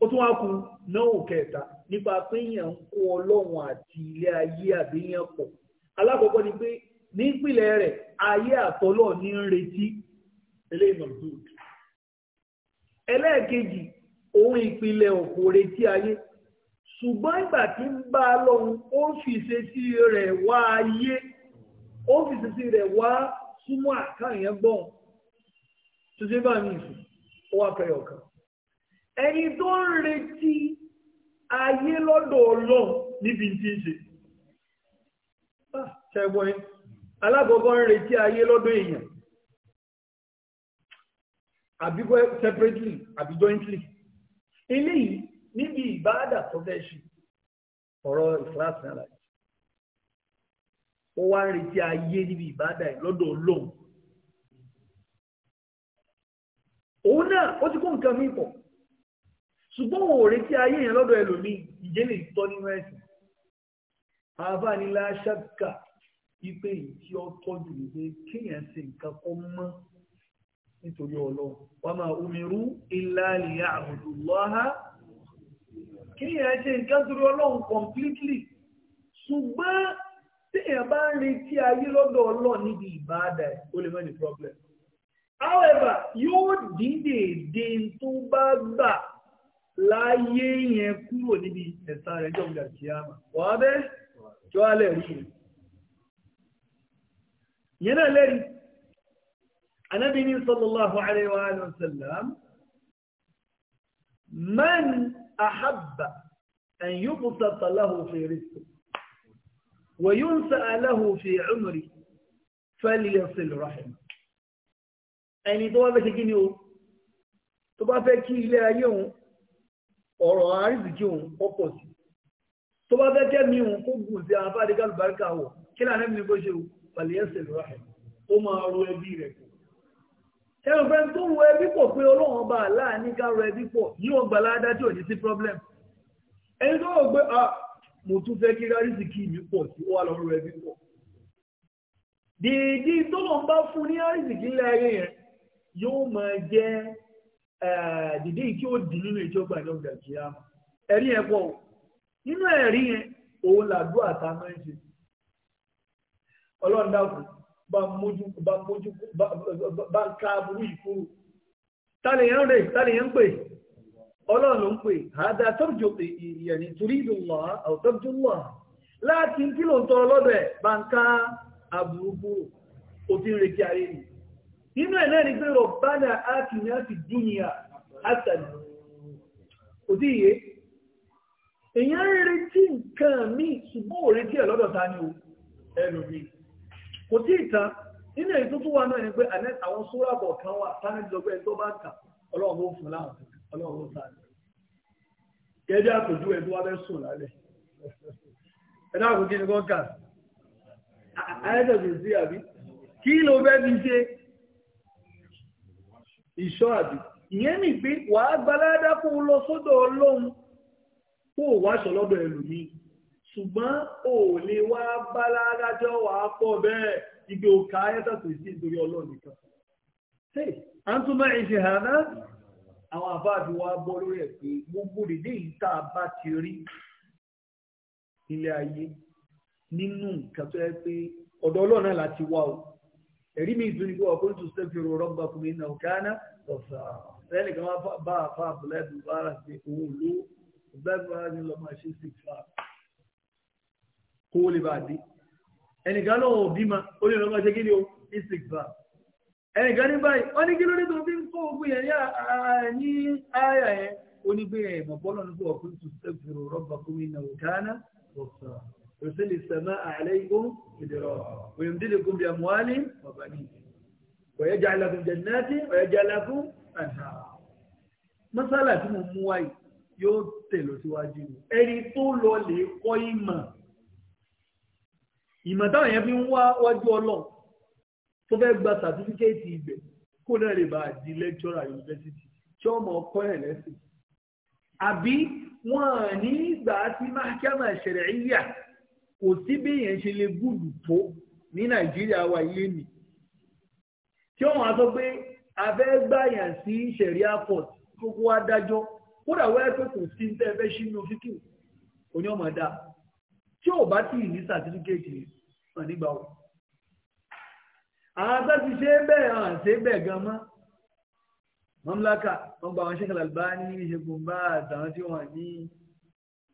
ó tún wá kù náà kẹta nípa pé èèyàn ń kó ọlọ́run àti ilé ayé àbí èèyàn pọ̀ alákọ̀ọ́kọ́ ni pé nípìnlẹ̀ rẹ̀ ayé àtọ́lọ̀ ní ń retí eléyìnà good ẹlẹ́ẹ̀kejì òun ìpìlẹ̀ òkò retí ayé ṣùgbọ́n ìgbà tí ń bá a lọ́hùn ó fi ìṣesí rẹ̀ wá ayé ó fi ìṣesí rẹ̀ wá súnmọ́ àkàyàn gbọ́n tó ṣe bá mi ìsìn ó wá fẹ́ ọ̀kan ẹni tó ń retí ayé lọ́dọ̀ ọlọ́run níbi tí ń ṣe ah, alákọ̀ọ́kọ́ ń retí ayé lọ́dọ̀ èèyàn àbí separately àbí jointly eléyìí níbi ìbáàdà tó fẹ́ ṣe ọ̀rọ̀ ìfúláṣí náà láti ó wá ń retí ayé níbi ìbáàdà yìí lọ́dọ̀ Ọlọ́run òun náà ó ti kó nǹkan mi pọ̀ ṣùgbọ́n òun ò retí ayé yẹn lọ́dọ̀ ẹlòmíì ìjẹ́ lè tọ́ nínú ẹ̀sìn àbánilá ṣáká ipe yìí tí ó tọ́jú ní pé kéèyàn ṣe nǹkan kó mọ́ nítorí ọlọ́run wa ma umiru illa liya'budullaha kéèyàn ṣe nǹkan torí ọlọ́run completely ṣùgbọ́n téèyàn bá ń retí ayé lọ́dọ̀ ọlọ́run níbi ìbáadà ẹ̀ ó lè mọ́ ní problem however yóò dín dèédé tó bá gbà láyé yẹn kúrò níbi ẹ̀sán rẹ̀ jọ̀gbìn àti àmà wàá bẹ́ẹ̀ jọ́ alẹ́ rí i ìyẹn náà lẹ́rìí anábì ní sallallahu alayhi wa sallam man ahabba an yubsata lahu fi rizqi wa yunsa'a lahu fi umri falyasil rahim ẹni tó wá fẹ́ ṣe kí ni o tó bá fẹ́ kí ilé ayé òun ọ̀rọ̀ àríṣìkí òun pọ̀pọ̀ sí tó bá fẹ́ kẹ́mi òun kó gùn sí àwọn afáàdé kálùbáríkà wọ̀ kí lànà mi kó ṣe o pàlẹ́sẹ̀ lọ́rẹ̀ ó máa ro ẹbí rẹ̀ pọ̀. ẹ̀rùn fẹ́ tó ro ẹbí pọ̀ pé ọlọ́run ọba àlá ní ká ro ẹbí pọ̀ yóò gbà ládájọ́ ní sí problem. ẹni tó rò pé a mo tún fẹ́ kí rárísìkì mi pọ̀ sí ó wà lọ ro ẹbí pọ̀. dèédé tó lọ́n bá fún ní rárísìkì lẹ́yìn yẹn yóò máa jẹ́ dèédé tí ó dì nínú ìjọba ìjọba ìjọba ẹ̀rí yẹn pọ̀ nínú ẹ̀rí yẹn òun làdúrà tá a máa ń ṣe ọlọ́run dákun bá mójú bá mójú bá ká burú yìí yẹn rè yẹn ń pè ọlọ́run ló ń pè àádá tọ́jú torí ìlú àwòtọ́jú láti kí ló ń tọrọ lọ́dọ̀ bá ń ká aburú kúrò òfin retí ayé ni nínú ẹ̀ náà ni kò tí ì èyí tó tún wà náà ni pé àwọn sóra bọ̀ kan wà sánẹ́dínlọ́gbẹ́ tó bá ń kà ọlọ́run ó fún láwọn ọlọ́run ó sáré gẹ́gẹ́ bí ẹ̀ tó wá bẹ́ sùn lálẹ́ náà kò kí ni kò kà sí àbí kí ló fi ṣe ìṣọ́ àbí ìyẹn ṣùgbọ́n ò lè wá bálágájọ́ wà á pọ̀ bẹ́ẹ̀ ibi òkà ayẹ́tàtò sí nítorí ọlọ́ọ̀dì kan. à ń tún mẹ́rin ṣe hàn náà àwọn àbáàbí wa bọ́ lórí ẹ̀ pé gbogbo dèdè yìí tá a bá ti rí ilé ayé nínú nǹkan tó yẹ pé ọ̀dọ̀ ọlọ́ọ̀nà láti wá o ẹ̀rí mi ìtúni pé ọkùnrin tó ṣẹ́fì rọ rọ́gbà fún mi náà ọ̀gá náà ọ̀sà lẹ́nu kan bá àfa àbúlẹ́bù bára ṣe òun ló kó lè bá dé ẹnìkan lọ́wọ́ òbí ma ó lè lọ́mọ ṣe kí ni o instinct bá ẹnìkan ní báyìí wọ́n ní kí ló dé tó fi ń kó ogun yẹn yá ní àyà yẹn ó ní gbé yẹn ìmọ̀ bọ́lọ̀ nípa ọ̀kú tó sẹ́kùrù rọ́bà kó mi náà kánà wọ̀sà òṣèlè sàmà àlẹ́ igbó ìdèrò òyìn dídì kó bí amúhálì ọ̀bà ní ọ̀yẹ́jà aláfún jẹ̀nẹ́tì ìmọ̀ táwọn yẹn fi ń wá wájú ọlọ́ tó fẹ́ gba sàtífíkẹ́ẹ̀tì ibẹ̀ kó náà lè bá di lẹ́kítọ́rà yunifásitì tí ọmọ ọkọ ẹ̀ lẹ́sìn àbí wọn ní ìgbà tí mákàmà ṣẹlẹ̀ yíyà kò sí bí èèyàn ṣe lè gùdù tó ní nàìjíríà wa yé ni tí wọn sọ pé abẹ́ gbàyàn sí ṣẹ̀ríà court kókó adájọ́ kódà wẹ́ẹ́ pé kò sí ní tẹ́ fẹ́ sínú fíkì oní ọmọ dáa tí ò bá tí ní sàtífíkèètì hàn nígbà wọn àwọn tó ti ṣe bẹ́ẹ̀ hàn ṣe bẹ́ẹ̀ gan mọ́ mọ́mláka wọ́n gba àwọn ṣẹ́kẹ̀lá bá ní ìṣègùn bá àtàwọn tí wọ́n ní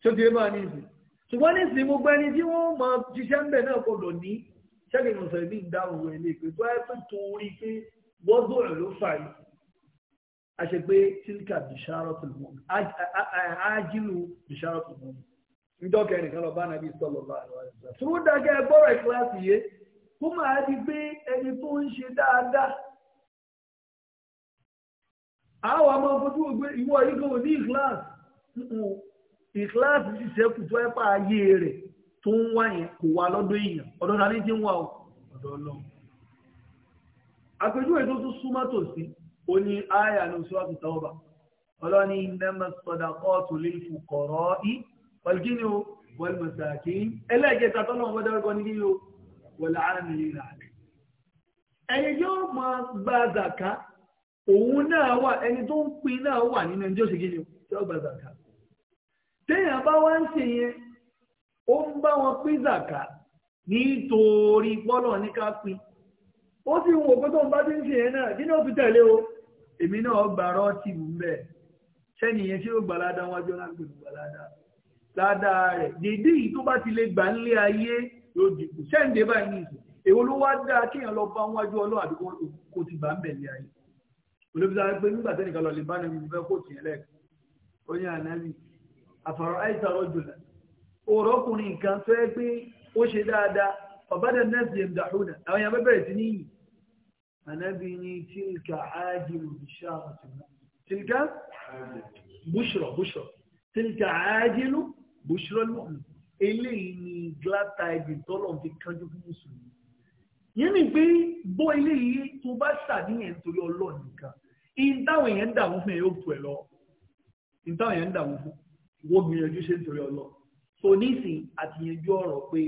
tó ti bá ní ìsìn ṣùgbọ́n ní ìsìn gbogbo ẹni tí wọ́n mọ ṣiṣẹ́ ń bẹ̀ náà kò lò ní ṣẹ́kẹ̀ ìmọ̀sọ̀ ìbí ìdáhùn rẹ̀ lè pé tó ẹ pé torí pé gbọ́dọ̀ ìjọ kẹrìnkan lọ bá nàbí sọlọ bá àwọn ẹ̀sán. ṣùgbọ́n dákẹ́ ẹgbọ́rọ̀ ìkíláàsì yé kó máa di pé ẹni tó ń ṣe dáadáa. àwọn ọmọ fojú ògbé ìwọ yìí kò ní ìkíláàsì ìkíláàsì sì ṣẹ́kù tó ayé rẹ̀ tó ń wá lọ́dọ̀ èèyàn ọ̀dọ̀ náà ní ti ń wàlùkíni o wàlùmọ̀sàkì ẹlẹ́ẹ̀kẹta tọ́lọ́ wọn bọ́dọ̀ ọkọ nígbìn o wàlàánì ìlà ẹni yóò máa gba zàká òun náà wà ẹni tó ń pin náà wà nínú ẹni tó ṣe kíni o tí ó gba zàká téèyàn bá wá ń ṣe yẹn ó ń bá wọn pín zàká nítorí pọ́lọ̀ ní ká pin ó sì ń wò pé tóun bá ti ń ṣe yẹn náà kí ni ó fi tẹ̀lé o èmi náà gbàrọ́ tì mú bẹ́ẹ̀ sẹ́niyẹn tí ó gbàládá wájú ọlá gbèrú gbàládá ládàá rẹ̀ dèdè yìí tó bá ti lè gbà nílé ayé yóò dìbò sẹ́ǹdé báyìí nìyí èwo ló wá dáa kéèyàn lọ bá wájú ọlọ́run àbí kò ti gbà ń bẹ̀ ní ayé olóbìsá pé nígbà tẹ́nìkan lọ lè bá nínú ìfẹ́ kò tiẹ̀ lẹ́ẹ̀kọ́ oní ànábì àfàrọ̀ àìsàrọ̀ jùlọ òòrọ̀ ọkùnrin nǹkan tó pé ó ṣe dáadáa ọ̀bádà nẹ́ẹ̀sì ẹ̀mdàhùnà àwọn èèyàn bẹ̀rẹ̀ sí níyì ànábì ní tìlkà ájìlù bùṣọ̀ tìlkà bùṣọ̀ tìlkà ájìlù bùsùlọ́lù eléyìí ni glata ibi tọ́lọ̀ fi kánjú fún mùsùlùmí yẹn ni pé bọ́ eléyìí tó bá ṣàníyàn torí ọlọ́ọ̀ nìkan ìdáhùn èèyàn ń dààmú fún yẹn yóò tù ẹ lọ ìdáhùn èèyàn ń dààmú fún wọ́n gbìyànjú ṣe nítorí ọlọ́ọ̀ so nísìn àtìyànjú ọ̀rọ̀ pé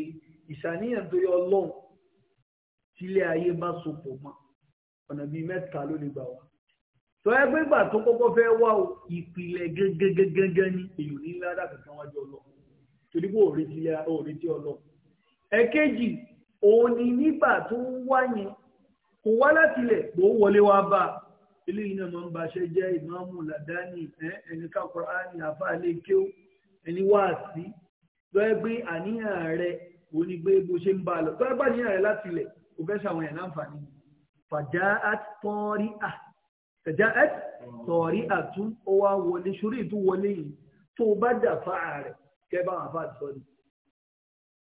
ìṣàníyàn torí ọlọ́ọ̀ tílé ayé bá so pọ̀ mọ́ ọ̀nà bíi mẹ́ta ló lè gbà wá sọ ẹgbẹ́ ìgbà tó kọ́kọ́ fẹ́ wá o ìpìlẹ̀ gẹ́gẹ́gẹ́gẹ́ ní èyí ní ládà kankan wájú ọlọ torí pé òòrè tí ọlọ. ẹ̀kejì òun ni nígbà tó ń wá yẹn kò wá láti ilẹ̀ kò wọlé wá bá a eléyìí náà máa ń baṣẹ́ jẹ́ ìmáàmù làdáni ẹni ká Kùránì àfáàlẹ́ kéw ẹni wáàsí lọ́ẹ́ gbé àníyàn rẹ òní gbé bó ṣe ń bá a lọ tọ́ẹ́ bá àníyàn rẹ láti ilẹ̀ kò fẹ́ tẹ̀jáẹ́t sọ̀rí àtún ó wá wọlé ṣorí ìtú wọlé yìí tó bá dà fáà rẹ̀ kẹbà àfà sọ́ni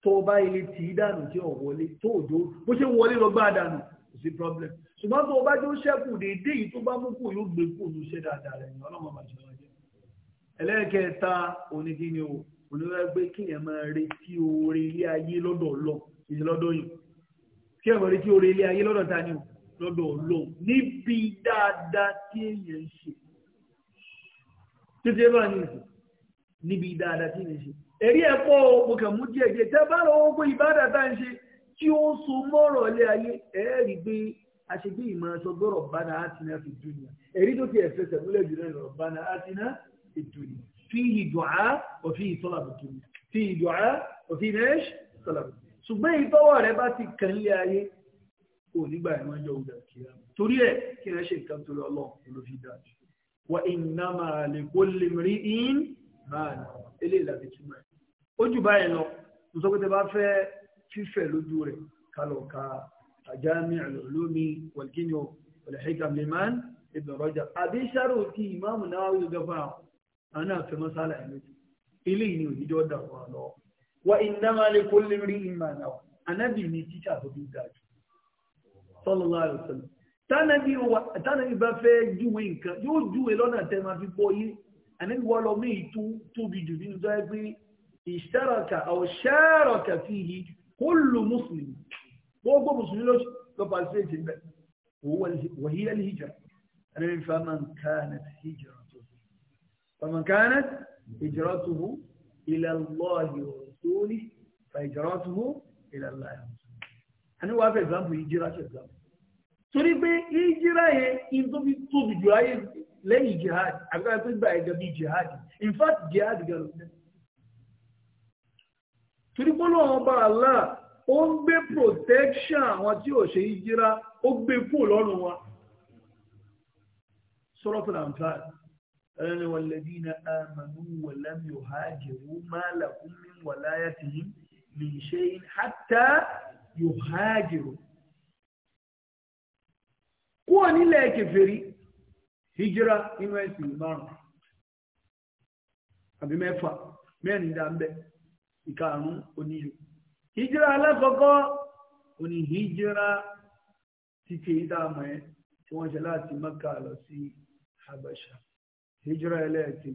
tó bá ilé tì í dànù tí ò wọlé tó òjò bó ṣe wọlé lọ gbá dànù kò sí problem ṣùgbọ́n tó bá jó ṣẹ́kù déédéé yìí tó bá mú kù yóò gbé kù ló ṣe dáadáa rẹ̀ ní ọlọ́mọ màjọ ọjọ́ ẹlẹ́ẹ̀kẹta oníkíni o oníwẹ́gbé kíyàn máa retí oore ilé ayé lọ́dọ̀ ọlọ́ ìṣẹ́lọ́dọ̀ yìí kíyàn máa retí oore ilé ayé lọ́dọ̀ ta ni o lọ́dọ̀ Ọlọ́run níbi dáadáa tí èèyàn ń ṣe títí bá ní ìsìn níbi dáadáa tí èèyàn ń ṣe ẹ̀rí ẹ̀pọ̀ mo kàn mú díẹ̀ díẹ̀ tẹ́ bá lọ wọ́n pé ìbádà tá ń ṣe tí ó so mọ́rọ̀ ilé ayé ẹ̀ẹ́rì gbé aṣègbè ìmọ̀ ẹ̀sọ́ gbọ́rọ̀ bánà àtinà fi dùnìyà ẹ̀rí tó ti ẹ̀fẹ́ sẹ̀múlẹ̀ jùlọ lọ́rọ̀ bánà àtinà fi dùnìyà fíhì dùá òfíhì kò nígbà ẹ̀ máa ń yọ òun dàbí kíá torí ẹ̀ kí ẹ ṣe nǹkan torí ọlọ́run ló fi dájú wa iná máa lè kó lè rí in máa nà eléyìí làbí túmọ̀ ẹ̀ ojú báyìí lọ mo sọ pé tẹ bá fẹ́ fífẹ̀ lójú rẹ̀ kálọ̀ ka àjámi àlọ́lómi wàlkínì wàlẹ̀hẹ́gàm lèman ibn Rajab àbí ìmáàmù náà wù gẹ́fà àwọn náà mọ́sálà ẹ̀ lójú eléyìí ni òdíjọ́ wà iná máa lè kó lè rí in máa nà ànábì ni títà tó fi dájú sallallahu alaihi wasallam tánàbí bá fẹ́ júwe nǹkan yóò júwe lọ́nà tẹ́ máa fi bọ́ yé àníbi wọ́n lọ míì tó tóbi jù nínú tó yẹ pé ìṣẹ́rọ̀kà aw sharaka fihi kullu mùsùlùmí gbogbo mùsùlùmí ló lọ pa sí èjì bẹ́ẹ̀ wa hiya al-hijra àníbi faman kanat hijratuhu faman kanat hijratuhu ila Allahi wa rasulihi fa hijratuhu ila Allahi àní wàá fẹ́ example ìjírá ṣe example torí pé ìjírá yẹn in tó fi tóbi jù ayé lẹ́yìn jihad àgbà tó gbà ẹ̀gẹ́ bí jihad in fact jihad gẹ̀rọ torí pé lọ́wọ́ bá Allah ó ń gbé protection àwọn tí ò ṣe ìjírá ó gbé kúrò lọ́rùn wa sọ́rọ́ fún àǹfààní ẹni والذين آمنوا ولم يهاجروا ما لهم من ولايتهم من شيء حتى yuhajiru kúrò nílẹ̀ kèfèrí hijira inú ẹ̀sìn márùn àbí mẹ́fà mẹ́rin dáńbẹ́ ìkarùn onílù hijira alákọ̀ọ́kọ́ oní hijira títí ìdáàmọ́ ẹ̀ tí wọ́n ṣe láti Mẹ́kà lọ sí Habasha hijira ẹlẹ́ẹ̀kejì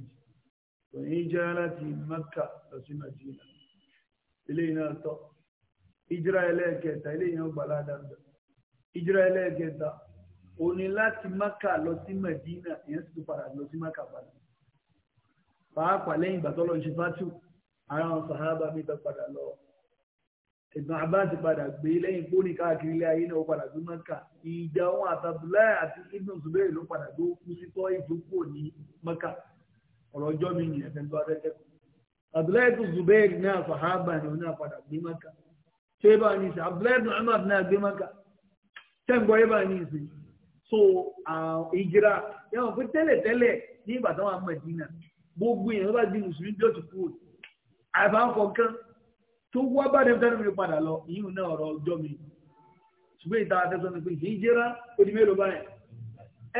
oní hijira láti Mẹ́kà lọ sí Madina ilé iná tọ́ ìjírá ẹlẹ́ẹ̀kẹta eléyìí ọgbà ládàá a ẹlẹ́ẹ̀kẹta ó ní láti maka lọ sí medina ìyẹn sì lọ sí maka padà pàápàá lẹ́yìn ìgbà tọ́lọ́ ṣe fátù ara wọn sàhábà mi padà lọ abáàtì padà gbé káàkiri ilé ayé náà ó padà maka ìjà ohun àtàbùláì àti ibnu zubair ló padà gbé kú sí tọ́ ìdókòó ní maka ọ̀rọ̀ ọjọ́ mi nìyẹn fẹ́ tó afẹ́kẹ́kọ̀ọ́ àbùláì tó zubair náà sàhábà ni ó maka. ṣé bá ní sè abdullahi ibn umar náà gbé maka tẹ́ǹgbọ́ yé bá ní sè so ìjìra yàrá pé tẹ́lẹ̀tẹ́lẹ̀ ní ìbàdàn wa Mẹdínà gbogbo yẹn bá di mùsùlùmí bí ó ti kú àìfàǹkọ̀ọ̀kan tó wá bá dé fẹ́ràn mi padà lọ ìyún náà ọ̀rọ̀ ọjọ́ mi ṣùgbọ́n ìta àtẹ́sọ́ ni pé hijira odi mélòó báyìí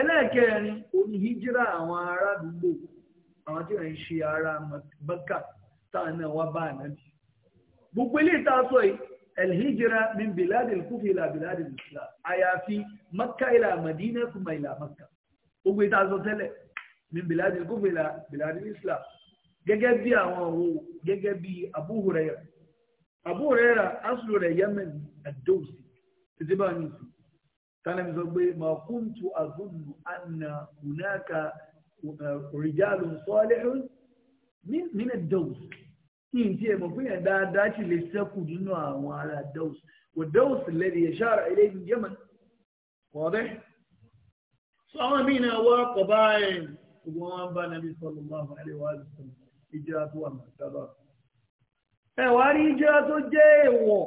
ẹlẹ́ẹ̀kẹrin oní hijira àwọn ará àdúgbò àwọn tí wọ́n الهجرة من بلاد الكوفة إلى بلاد الإسلام آية في مكة إلى مدينة ثم إلى مكة وقيت على من بلاد الكوفة إلى بلاد الإسلام جعب يا هو جعب أبو هريرة أبو هريرة أصل اليمن الدوسي تجيبني كان مزبوب ما كنت أظن أن هناك آه، رجال صالح من من الدوسي nti ẹmọ fún yẹn dáadáa ti lè sẹkù nínú àwọn ará daus wò daus lẹni yẹ ṣáàrà ilé ní yemen wọdẹ sọ àwọn míì náà wá kọ báyìí ṣùgbọ́n wọn bá nàbí sọlọ bá wọn àlè wá lùsọ ìjìrà tó wà máa sábà. ẹ wá rí ìjìrà tó jẹ́ èèwọ̀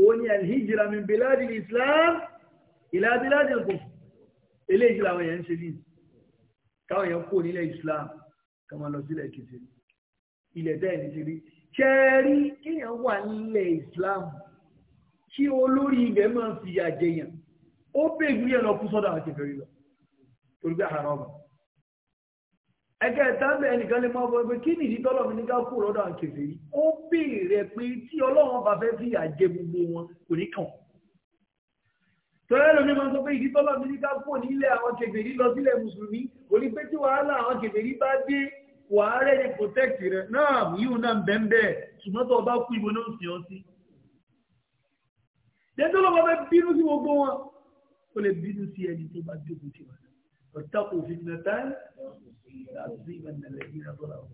òun ni alhijira min biladi islam ila biladi kò eléyìí làwọn yẹn ń ṣe ní káwọn yẹn kó nílẹ̀ islam káwọn kẹrí kéèyàn wà nílẹ̀ Islam kí olórí ibẹ̀ máa fi àjẹyàn ó pè ìlú yẹn lọ kú sọ́dọ̀ àwọn kèfèrí lọ torí bẹ́ẹ̀ àrà ọ̀bà ẹgbẹ́ ìtàbẹ̀ ẹnìkan lè máa bọ̀ pé kí nìdí tọ́lọ̀ mi ní ká kú lọ́dọ̀ àwọn kèfèrí ó béèrè pé tí Ọlọ́run bá fẹ́ fi àjẹ gbogbo wọn kò ní kàn tọ́lá lómi máa sọ pé ìdí tọ́lọ̀ mi ní ká kú nílẹ̀ àwọn kèfèrí lọ sílẹ̀ mùsùlùmí kò ní pé tí wàhálà àwọn kèfèrí bá dé wà á rẹ̀ ní protect rẹ̀ náà yíò náà ń bẹ́ ń bẹ́ ṣùgbọ́n tó o bá kú ibo náà sì ọ́ sí. dẹ́tọ́ lọ́wọ́ bẹ bínú sí gbogbo wọn ó lè bínú sí ẹni tó bá jókòó sí wọn ọ̀tá kò fi nà tá láti ìgbà nàlẹ́ yìí náà tọ́lá wọn.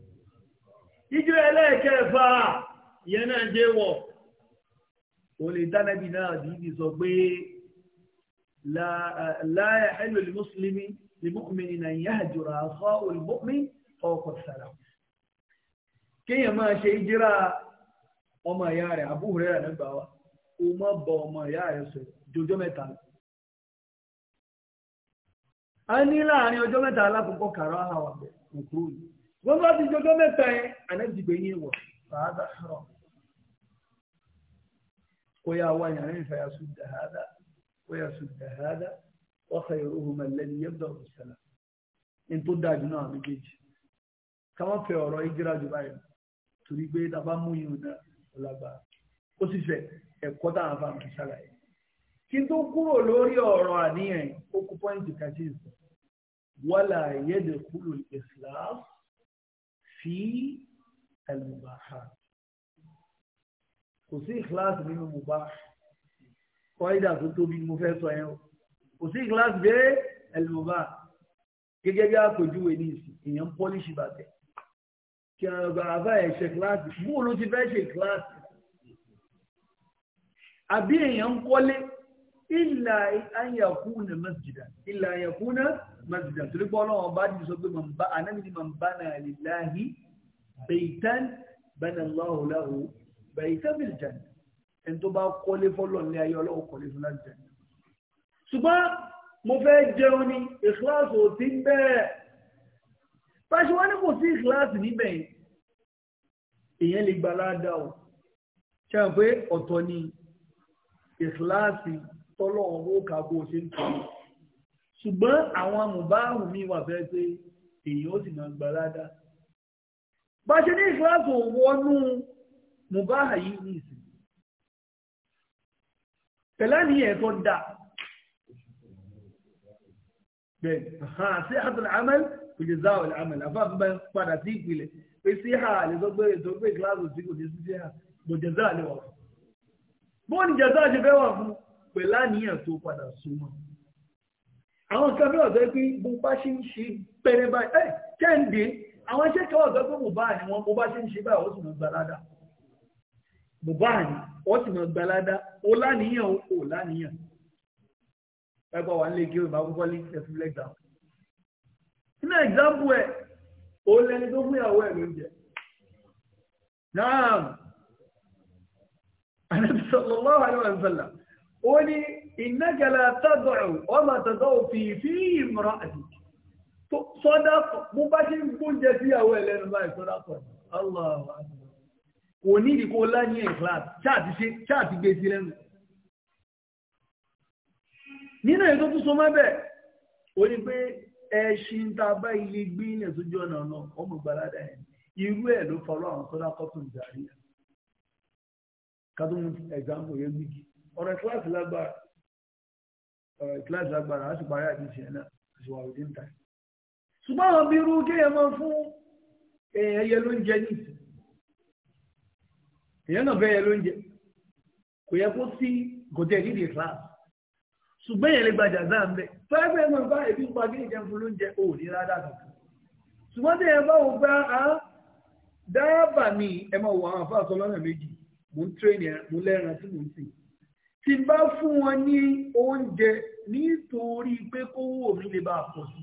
ìjọ ẹlẹ́ẹ̀kẹfà ìyẹn náà jẹ́ wọ̀ ó lè dánàbì náà dìídì sọ pé láyà ẹlò lè lè mùkùnmí ọkọ sara kéèyàn máa ṣe ìjírà ọmọ ìyá rẹ̀ àbúrò nígbà wa kó má bọ ọmọ ìyá so sọ̀rọ̀ jọjọ́ a ní láàrin ọjọ́ mẹ́ta alákòókò kàrọ́ àwà òkúrò yìí wọ́n bá ti jọjọ́ mẹ́ta yẹn ànájìgbé yín wọ̀ fàádà rọ̀ kó wá yàrá kó ní tó dáa jù náà káwọn fẹ ọ̀rọ̀ ìjìrà jù báyìí torí pé tàbá mú yìí ọ̀dà ọ̀làgbà ó sì fẹ ẹ̀kọ́ táwọn afá mi ṣàlàyé kí n tó kúrò lórí ọ̀rọ̀ àníyàn ó kú pọ́ìntì kàṣí ìsọ wàlà yẹ́dẹ̀ kúrò islam fi ẹlùmọ̀báhà kò sí ìkíláàsì nínú mùbá kọ́ídà tó tóbi mo fẹ́ sọ yẹn o kò sí ìkíláàsì bẹ́ẹ̀ ẹlùmọ̀bá gẹ́gẹ́ bí àpèjúwe ní ìsìn èèyàn pọ́líṣì bàtẹ́ kí àwọn bàbá ẹ̀ ṣe kíláàsì bó ló ti fẹ́ ṣe kíláàsì àbí èèyàn ń kọ́lé ìlà ayàkúnà masjidà ìlà ayàkúnà masjidà torí pé ọlọ́run bá ti sọ pé anábìdí máa ń bá náà lillahi baitan bana Allahu lahu baitan bil janna ẹni tó bá kọ́lé fọ́lọ̀ ní ayé ọlọ́run kọ́lé fún láti mo fẹ́ jẹun ní ìkíláàsì ti ń bẹ́ẹ̀ fáṣí wọ́n ní kò sí ìkíláàsì níbẹ̀ èèyàn lè gba ládà o ṣe hàn pé ọ̀tọ̀ ni ìkíláàsì tọ́lọ̀ ọ̀rọ̀ òkà bó ṣe ń tọ́ ṣùgbọ́n àwọn amùbáàrùn mi wà fẹ́ pé èèyàn ó sì máa gba ládà bá ní ìkíláàsì òwọ́nú mùbáhà yìí ní ìsìn pẹ̀lá ní ẹ̀tọ́ dà bẹ́ẹ̀ àti àtàlà àmẹ́lì kùjìzá ọ̀lẹ́ àmàlà àfa àfi báyìí padà sí ìpìlẹ̀ pé sí ha lè sọ pé ètò pé kíláàsì tí kò ní sí sí ha bò jẹ̀zá lè wà fún. bóun ni jẹ̀zá ṣe fẹ́ wà fún pẹ̀lú àníyàn e tó padà súnmọ́. àwọn kan fẹ́ ọ̀sẹ̀ pé bó bá ṣe ń ṣe pẹ̀rẹ̀ báyìí ẹ̀ kẹ́ǹdé àwọn iṣẹ́ kan ọ̀sẹ̀ pé bùbá ni wọn bó bá ṣe ń ṣe báyìí wọ́n nínú ẹ̀gbáǹbù ẹ̀ ó lẹni tó fún ìyàwó ẹ̀ ló ń jẹ náà Ànábì sallallahu alaihi wa sallam ó ní innaka la tad'u wa ma tad'u fi fi imra'atik sọ́dá mú bá ṣe ń gbóúnjẹ sí ìyàwó ẹ̀ lẹ́nu báyìí sọ́dá pọ̀ Allah kò ní ìdíkò láyé ẹ̀ class ṣáàtì echi tá a bá ilé gbé ní ẹ̀sọ́jú ọ̀nà ọ̀nà ọmọ ìgbàládà ẹ̀ irú ẹ̀ ló fọwọ́ àwọn sọ́dá kọ́tùn jàrí ẹ̀ kátó mú ẹ̀gbáǹpù yẹn gbìgì ọ̀rọ̀ kíláàsì lágbára ọ̀rọ̀ kíláàsì lágbára á parí àdìsí ẹ̀ náà àti wà òdì ń ta ṣùgbọ́n àwọn bí irú kéèyàn máa fún eh, ẹyẹ lóúnjẹ ní ìsìn èèyàn náà ṣùgbọ́n èèyàn lè gba jàzá ń bẹ fẹ́ẹ́fẹ́ mọ̀ bá èbí ń pa kí nìkan fún lóúnjẹ ò ní rádà kankan ṣùgbọ́n tí èèyàn bá wò bá a dáàbà mi ẹ máa wọ àwọn àfáàsọ lọ́nà méjì mò ń tírẹ́nì mo lẹ́ran tí mò ń sìn tí bá fún wọn ní oúnjẹ nítorí pé kówó mi lè bá a pọ̀ sí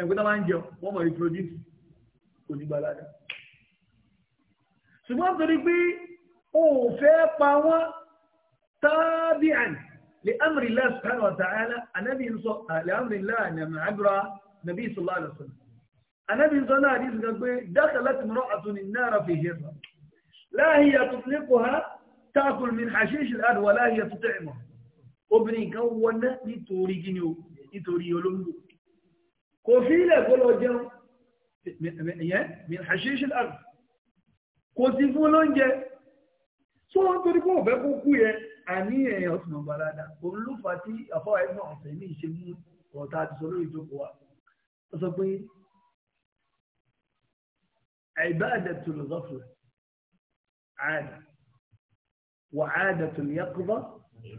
ẹ̀kọ́ tá máa wọ́n mọ̀ reproduce kò ní gbalada ṣùgbọ́n torí pé o fẹ́ pa wọ́n tábìàn لأمر الله سبحانه وتعالى النبي لأمر الله أن عبر النبي صلى الله عليه وسلم النبي صلى الله عليه وسلم دخلت امرأة النار في هرة لا هي تطلقها تأكل من حشيش الأرض ولا هي تطعمه obìnrin kan wọná nítorí gíní o nítorí olóńgbò kò fi ilẹ̀ kó lọ jẹun ìyẹn min hashish al-ard kò sí fún olóúnjẹ tó ń torí kó fẹ́ kó kú yẹn àníyàn yẹn ọ̀sùn ọ̀gbà dáadáa òun ló fà á tí àfọwọ́ ẹ̀ náà ọ̀sẹ̀ ní ìṣe mú ọ̀tá àti sọ lórí ìjókòó wa ó sọ pé عبادة الغفلة عادة وعادة يقضى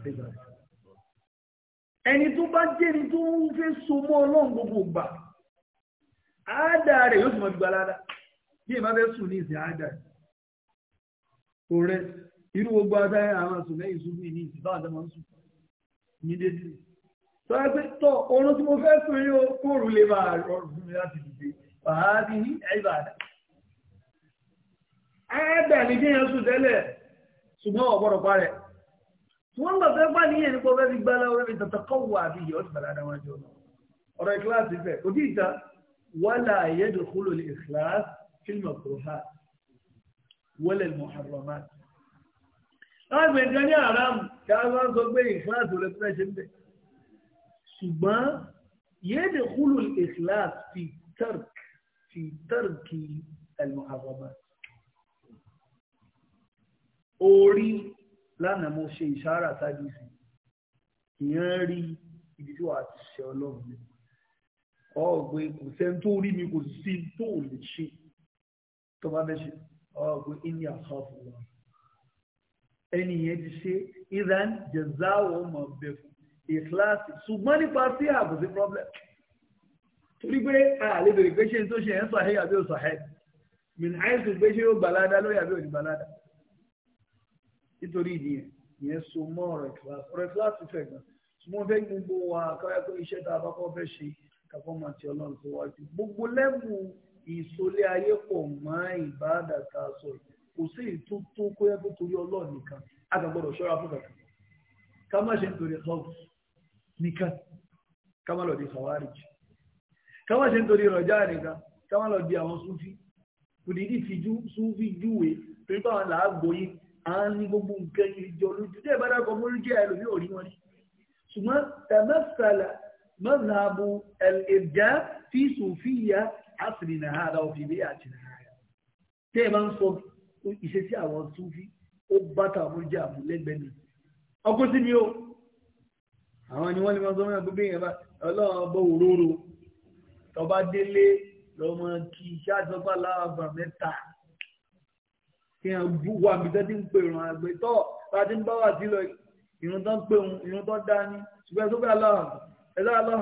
بذلك ẹni tó bá jẹ́ni tó ń fẹ́ so mọ́ ọlọ́run gbogbo gbà àádá rẹ̀ yóò sì mọ̀ gbà ládá bí ẹ bá fẹ́ sùn ní ìsìn àádá rẹ̀ kò rẹ̀ sí irú gbogbo adáyé àwọn àsùn lẹ́yìn sùn ní ìsìbá àdámọ́ ń sùn ní dédé sọ pé tọ oorun tí mo fẹ́ sùn yóò kóòrù lè máa rọrùn fún mi láti dìde fàábí ní ẹ̀yìnbá àdá àádà ní kí yẹn sùn tẹ́lẹ̀ ṣùgbọ́n ọ̀gbọ́dọ̀ parẹ̀ wọ́n gbà fẹ́ bá níyẹn nípa ọbẹ̀ fi gbálá ọbẹ̀ fi tàtà kọ́wọ́ àbí ìyẹ́ ọ̀tí bàdá dáwọn ẹjọ́ náà ọ̀rọ̀ ìkíláàsì fẹ́ kò tí wàlà ayédèkúlò lè ìkíláàsì fílmù kùrùhà wọlé mọ̀hàrọ̀máàtì wọ́n gbé nǹkan ní àràmù kí a wá sọ pé ìkíláàsì rẹ̀ fẹ́ ṣe ń bẹ̀. ṣùgbọ́n yéèdè kúlù ìkíláàsì fi tẹ́rk fi tẹ́rkì ẹ̀lùmọ̀hàbọ̀bà. orí lánàá mo ṣe ìṣàrà sáájú sí ìyẹn rí ibi tí wàá ti ṣe ọlọ́run mi. ọ̀gbìn kò sẹ́ni tó rí mi kò sí tó lè ṣe tó bá fẹ́ ṣe ọ̀gbìn ìní àkàfọ̀ wọn ẹni yẹn ti ṣe iran jẹzáwọ mọ bẹ fún ìkíláàsì ṣùgbọ́n nípa sí ààbò sí problem torí pé àlè bèrè pé ṣe tó ṣe ẹ̀ ń sọ àhẹ́yà bí ó sọ àhẹ́ min àìsàn pé ṣé ó gbàládá lóyà bí ó ní gbàládá nítorí ìdí yẹn ìyẹn so mọ́ ọ̀rọ̀ ìkíláàsì ọ̀rọ̀ ìkíláàsì fẹ̀ gan ṣùgbọ́n fẹ́ gbogbo wa káyọ̀ pé tá a bá kọ́ fẹ́ ṣe kàfọ́ máa ti ọlọ́run tó wájú gbogbo lẹ́bù ìsọlé ayé pọ̀ mọ́ ìbáàdà tá a sọ yìí kò sí ètò tó kó yẹ kó torí ọlọ́run nìkan a kàn gbọ́dọ̀ ṣọ́ra fún kankan ká má ṣe nítorí house nìkan ká má lọ di khawarij ká má ṣe nítorí rọjá nìkan ká má lọ di àwọn sufi kò ní ní fìjú sufi júwe torí báwọn là á à ń ní gbogbo nǹkan ìjọ lójú dé ìbára kan mórí jẹ́ ẹlòmíì ò rí wọn ni ṣùgbọ́n tẹ̀mẹ́sàlà مذهب الإرجاء في صوفية عصرنا هذا وفي بيئتنا هذا. تيمان صوفي ìṣesí àwọn súnfí ó bá tàwọn jẹ àmúlẹ́gbẹ̀ẹ́ mi ọkọ sí mi o àwọn ni wọ́n ní wọ́n sọ wọn gbogbo èèyàn bá ọlọ́run ọbọ̀ òróró tọba délé lọ́mọ kí iṣẹ́ àtọ́gbà láàbà mẹ́ta kí wọ́n bú wà mí tẹ́tí ń pè ìrùn àgbẹ̀ tọ́ láti ń bá wà sí lọ ìrùn tó ń pè ìrùn tó dá ní ṣùgbọ́n ẹ̀sọ́gbà láàbà ẹ̀láàbà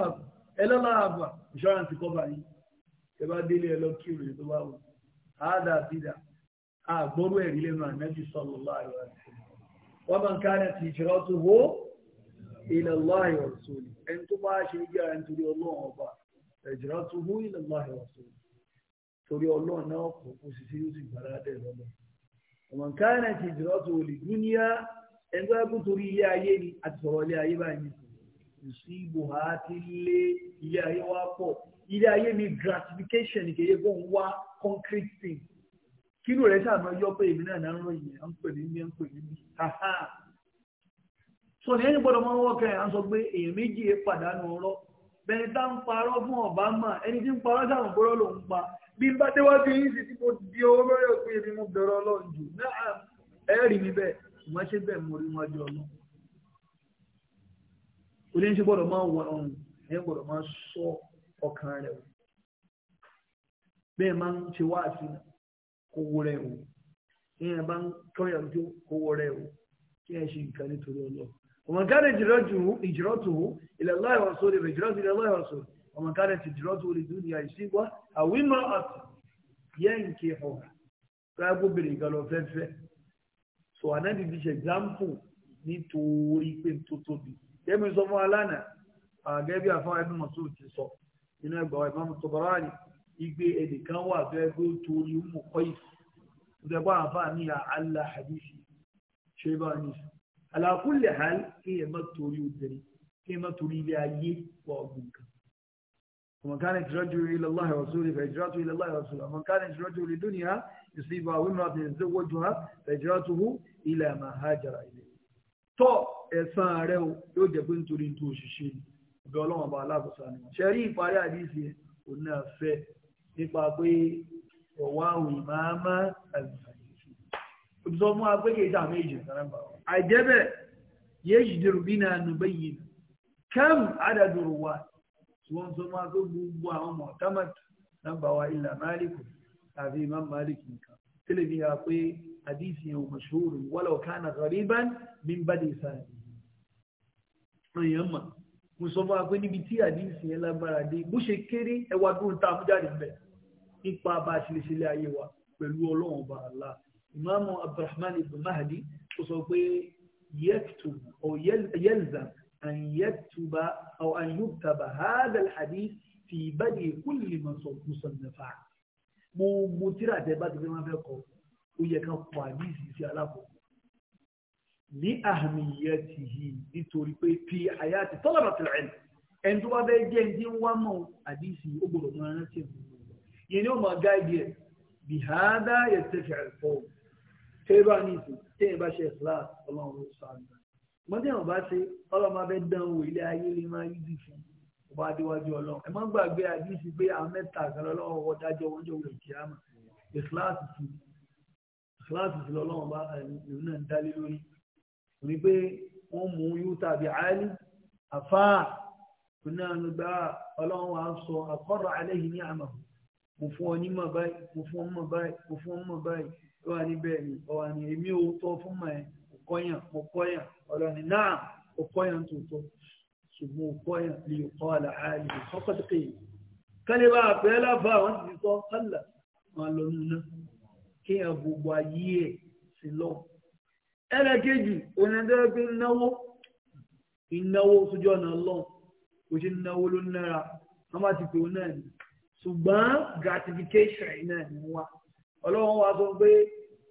ẹ̀láàbà insurance cover yìí tẹ́bá délé ẹ̀ lọ kí ìròyìn tó bá wù á dà àgbọ́rú ẹ̀rí lẹ́nu ànábì sallallahu alaihi wasallam wa man kanat hijratuhu ila Allahi wa rasulihi ẹni tó bá ṣe ń yára nítorí ọlọ́run ọba hijratuhu ila Allahi wa rasulihi torí ọlọ́run náà kò ilé ayé ni àti sọ̀rọ̀ ilé ayé báyìí ìsìnbò àti ilé ilé ayé wa pọ̀ ilé ayé mi gratification kì í yẹ wá concrete things kínú rẹ̀ sàmọ́ yọ pé èmi náà ń ròyìn à ń pè ní bí ń pè ní bí sọ ní ẹni gbọ́dọ̀ máa ń wọ́kẹ́ à ń sọ pé èèyàn méjì pàdánù ọ̀rọ̀ bẹni tá ń fún mà ẹni tí ń ló ń pa bí n bá déwájú yìí sì tí mo di owó lórí òkú èmi mo bẹ̀rẹ̀ ọlọ́run jù náà ẹ rí mi ṣe mo rí máa wọ kówó rẹ̀ o tí yẹn bá ń tọ́yàn tó kówó rẹ̀ o tí yẹn ṣe nǹkan nítorí ọlọ́ ومن كان هجرته هجرته إلى الله ورسوله هجرته إلى الله ورسوله ومن كانت هجرته للدنيا يصيبها أو امرأة ينكحها فأبو بري قالوا فنفة so anabi bi ṣe example nítorí pé tó tóbi kẹ́mi sọ fún alánà àgẹ́bí àfáwọn ẹbí mọ̀sùlùmí ti sọ nínú ẹgbàá ìmáàmù Tabarani igbe ẹnìkan wà bẹ́ẹ̀ gbé torí mú kọ́ ìsì ìjọba àǹfààní àlà àdìsí ṣe bá ní ìsì àlàkùnlé hàn kí ẹ má torí obìnrin kí ẹ má torí ilé ayé wà ọgbìn kan. ومن كان يترجو إلى الله ورسوله فهجرته إلى الله ورسوله ومن كان يترجو لدنيا يصيبها وامرأة يتزوجها فهجرته إلى ما هاجر إليه tọ́ ẹ̀sán rẹ̀ yóò jẹ́ pé nítorí tó ṣiṣẹ́ ni ọ̀dọ̀ ọlọ́run ọba aláàbọ̀sá ni wọ́n ṣe ìparí àdìsí òun fẹ́ nípa pé ọ̀wá òyìn máa má ìbùsọ̀ fún apẹ́kẹ̀ ìta méjì sàrámbà àjẹ́bẹ̀ yéjì dèrò bí náà nù bẹ́yìí nù kẹ́m àdàdùrù wa tí wọ́n sọ máa tó gbogbo àwọn ọmọ tamat nàmbà wa ilà máàlìkù tàbí imam máàlìkù nìkan tẹ́lẹ̀ bí i pé àdìsí yẹn ò mọ̀ṣúrù wọ́lá ọ̀ká na kọ̀ríban bí ń bá dé sáà èèyàn mà mo sọ nípa bá a ṣe lè ṣe ilé ayé wa pẹ̀lú ọlọ́run ọba àlá ìmáàmù abdulrahman ibn mahdi ó sọ pé yaktub aw yalzam an yaktuba aw an yuktaba hadha alhadith fi badi kulli musannafa gbogbo tíra tẹ bá ti fẹ́ máa fẹ́ kọ ó yẹ ká kọ àdìsí sí alákọ̀ọ́kọ́ ní ahmiyatihi nítorí pé fi àyà àti tọ́lá bàtìlẹ̀ ẹni tó bá fẹ́ jẹ́ ẹni tí ń wá mọ́ àdìsí ó gbọ́dọ̀ mọ́ ẹran tẹ̀ mọ́ yẹn ni ó máa gáìdì ẹ̀ bí hádá yẹ tẹ̀fẹ̀ ẹ̀fọ́ tẹ́bà ní ìsìn tẹ́yìn bá ṣe ìsìláàs ọlọ́run ló sọ àgbà mọ́tí àwọn bá ṣe ọlọ́run abẹ́ dán wò ilé ayé lè máa yí bì fún ọba adéwájú ọlọ́run ẹ̀ má gbàgbé àdìsí pé àwọn mẹ́ta àgbàlọ́ ọlọ́run wọ dájọ́ wọn jọ wọlé kíámà ìsìláàs sí ìsìláàs sí lọ́lọ́run bá ìlú náà ń dálé lórí rí pé wọ́n mú wa sọ àkọ́rọ̀ àlẹ́ yìí mo fún ọ nímọ̀ báyìí mo fún ọ mọ̀ báyìí mo fún ọ mọ̀ báyìí ó wà níbẹ̀ ni ọ̀wà ni èmi ò tọ́ fún mọ̀ ẹ̀ mo kọ́yàn mo kọ́yàn ọ̀rọ̀ ni náà mo kọ́yàn tòótọ́ ṣùgbọ́n mo kọ́yàn lè kọ́ àlà àlè ọkọ̀tẹ̀kẹ̀ yìí kálí bá àpẹ́ láfa àwọn ti fi kọ́ kálà wọn lọ nínú kéèyàn gbogbo ayé ẹ̀ sí lọ. ẹlẹ́kejì onídẹ́rẹ́gbẹ́ náwó ìnáwó sójú ọ̀nà lọ́n kò ṣe náwó ló nára wọ́n bá ti pè ó náà ni ṣùgbọ́n gratification iná ẹ̀ mú wa ọlọ́run wa sọ pé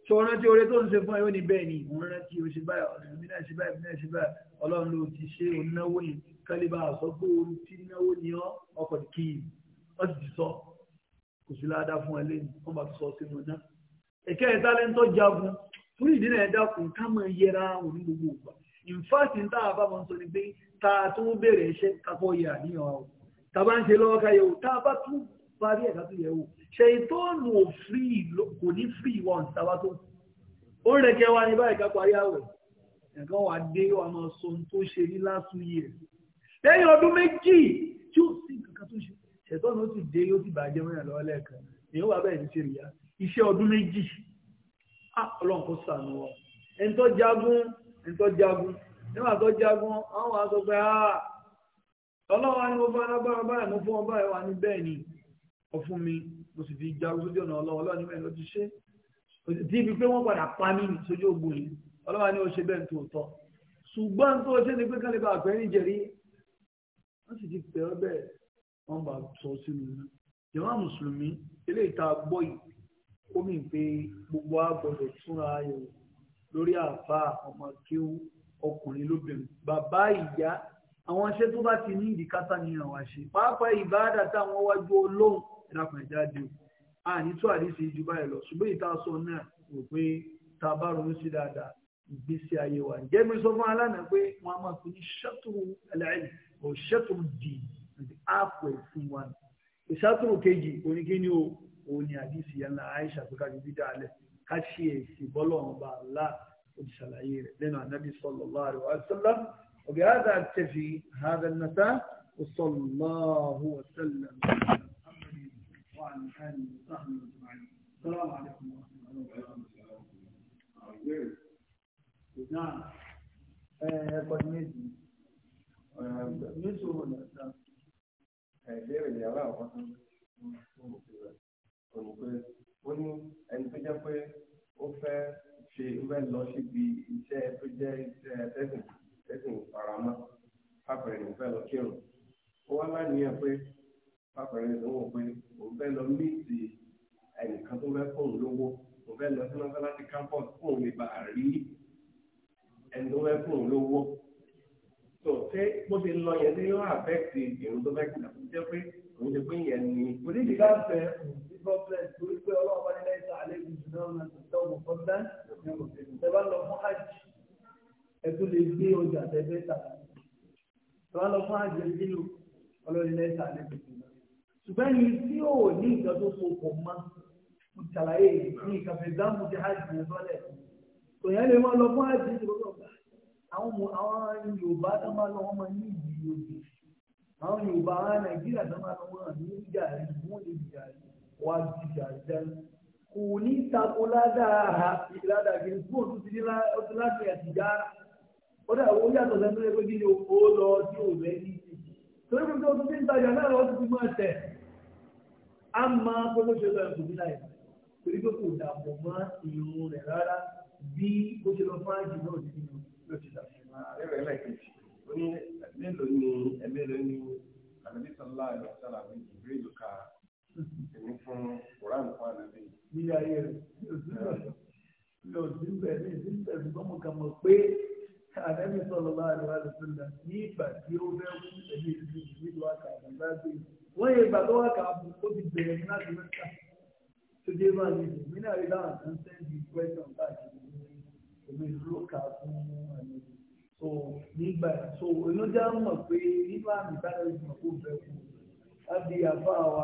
ṣọ rántí oore tó ń ṣe fún ẹ ó ní bẹ́ẹ̀ ni òun rántí o ṣe báyìí ọ̀rẹ́ mi náà ṣe báyìí mi náà ṣe báyìí ọlọ́run ló ti ṣe onínáwó yìí kálíbà sọ pé ooru tí náwó ni ọ ọkọ̀ kì í ọ sì ti sọ kò sí ládàá fún ẹ lẹ́yìn wọ́n bá sọ sínú náà ẹ̀kẹ́ ẹ̀ta lẹ́ni tó jagun fún ìdí náà ẹ̀dá kùn ká máa yẹra òun gbogbo ògbà in fact n bá wọn sọ ni pé ta tó bẹ̀rẹ̀ iṣẹ́ kakọ́ yẹ àníyàn wa o ta bá ń ṣe lọ́wọ́ ká yẹ o ta bá tún parí ẹ̀ka tó yẹ wò ṣèyítọ́ọ̀nù ò fírí kò ní fírí wa ọ̀n sábà tó ó rẹ̀kẹ́ wa ní báyìí ká parí àwẹ̀ ẹ̀ka wà dé wa máa sọ ohun tó ṣe ní last two years lẹ́yìn ọdún méjì tí ó sì kankan tó ṣe ṣèyítọ́ọ̀nù ó ti dé yóò ti bàjẹ́ mọ́yàn lọ́wọ́ lẹ́ẹ̀kan èèyàn wà bẹ́ẹ̀ ní ṣe rìyà iṣẹ́ ọdún méjì ọlọ́run kò sànù wa ẹni tó jagun ẹni tó jagun nígbà tó jagun àwọn wà ah, ni mo fún alágbára báyìí mo fún ọ báyìí wà ní bẹ́ẹ̀ ni ọfún mi mo sì fi jagun sójú ọ̀nà ọlọ́wọ́ ọlọ́wọ́ ní mẹ́rin ló ṣe tí ibi pé wọ́n padà pa mí sójú ogun yìí ọlọ́wọ́ ni ó ṣe bẹ́ẹ̀ tó tọ́ ṣùgbọ́n tó ṣe ni pé kán lè bá àpẹ́ ní jẹ̀rí wọ́n sì ti pẹ́ ọ bẹ́ẹ̀ wọ́n bá sọ sínú iná ìwà mùsùlùmí ilé ìta gbọ́ yìí ó mì pé gbogbo a gbọ́dọ̀ túnra ayò lórí àfa ọmọ kíw ọkùnrin lóbìnrin bàbá ìyá àwọn iṣẹ́ tó bá ti ní ìdíkátà ní àwọn àṣe pàápàá ìbáradà táwọn wájú olóhùn ẹ̀dàkùn ẹ̀já di o a ní tó àdìsí ju báyìí lọ ṣùgbọ́n ìta sọ náà rò pé tá a bá ronú sí dáadáa ìgbésí ayé wa ǹjẹ́ mi sọ fún alánà pé wọ́n á máa pè ní ṣẹ́tùrù ẹlẹ́ẹ̀lì ò ṣẹ́tùrù dì ní àpò ẹ̀sìn wa ni ìṣàtúrù kejì oníkíní o òun ni àdìsí yẹn náà àìṣà tó ká bíbí dáalẹ̀ ká ṣe èsì bọ́lọ̀ ọba àlá òṣìṣàlàyé rẹ̀ lẹ́nu ànábì sallallahu alaihi wasallam وبهذا أكتفي هذا المساء وصلى الله وسلم عن حاله وصحبه اجمعين السلام عليكم ورحمه الله وبركاته نعم قد نزل نزل ولا لا؟ ìbéèrè ní àwọn àwọn tó ń mú sí rẹ òun pé ó ní ẹni tó jẹ́ pé ó fẹ́ ṣe ó fẹ́ lọ síbi iṣẹ́ tó jẹ́ iṣẹ́ tẹsán tẹsán faramọ́ kápẹrẹ ní fẹ́ lọ kírun ó wá láníyàn pé pápẹ̀rẹ̀ ìsanwó pé òun fẹ́ lọ míìtì ẹnìkan tó fẹ́ fóun lówó òun fẹ́ lọ sí mọ́sálásí campus fóun lè bá rí ẹni tó fẹ́ fóun lówó tó ṣé bó ṣe lọ yẹn tí yóò àfẹ́ẹ̀tì ìrùn tó fẹ́ kìlà fún jẹ́ pé òun ṣe pé yẹn ni. kò ní ìdí láǹfẹ̀ ìfọ̀fẹ̀ torí pé ọlọ́ọ̀bá ní lẹ́sà àlejò náà ń tọ́ ọmọ fọ́nbẹ́ ẹ bá lọ fún hajj ẹ tó lè gbé ọjà tẹ́fẹ́ tà ẹ bá lọ fún hajj ẹ nílò ọlọ́ọ̀ni lẹ́sà àlejò náà ṣùgbọ́n ní tí ò ní ìjọ tó so pọ̀ mọ́ mo ṣàlàyé ní ìkàfẹ́ ìdáhùn ti hajj ní sọ́lẹ̀ kò yẹn lè máa lọ fún hajj ní gbogbo àwọn àwọn Yorùbá tó máa lọ wọn máa ní ìdí òbí àwọn Yorùbá àwọn Nàìjíríà tó máa lọ wọn ní gàrí wọn lè di gàrí wá di gàrí dání kò ní tako ládàá ládàá kiri fún òtún ti ní láti ẹ̀sìn jára ó dà ó yàtọ̀ sẹ́nu lẹ́gbẹ́ kí ni tó ti ń tajà náà lọ sí ti máa tẹ̀ á máa gbogbo ṣe lọ ẹ̀kọ́ bí láì torí pé kò dàpọ̀ mọ́ ìrùn rẹ̀ rárá bí ó ṣe lọ fáàjì náà ti nínú ló ti dàpọ̀ àrẹ́rẹ́ lẹ́kẹ̀ẹ́jì ó ní mélòó ni ẹ̀mélòó ni àlẹ́bí sọlá ẹ̀rọ sọlá mi ìbéèrè ló ka èmi fún Kùránì fún àlẹ́bí. bí ayé rẹ̀ yóò sí bẹ̀rẹ̀ yóò sí bẹ̀rẹ̀ àdẹ́bí sọ̀rọ̀ bá àdúrà lọ́sọ̀lá ní ìgbà tí ó bẹ́ kú ẹ̀mí ìlú ìlú àkà àgbàgbà gbé wọ́n yẹ ìgbà tó wà kà á ó ti bẹ̀rẹ̀ ní láti mẹ́ta tó dé máa ní ìlú mí náà rí láwọn kan sẹ́ndì kwẹ́sàn káàkiri ní ìlú ìlú kà á fún àmì so nígbà so olójà mọ̀ pé nínú àmì tára ìgbà kó bẹ́ kú láti àbá wa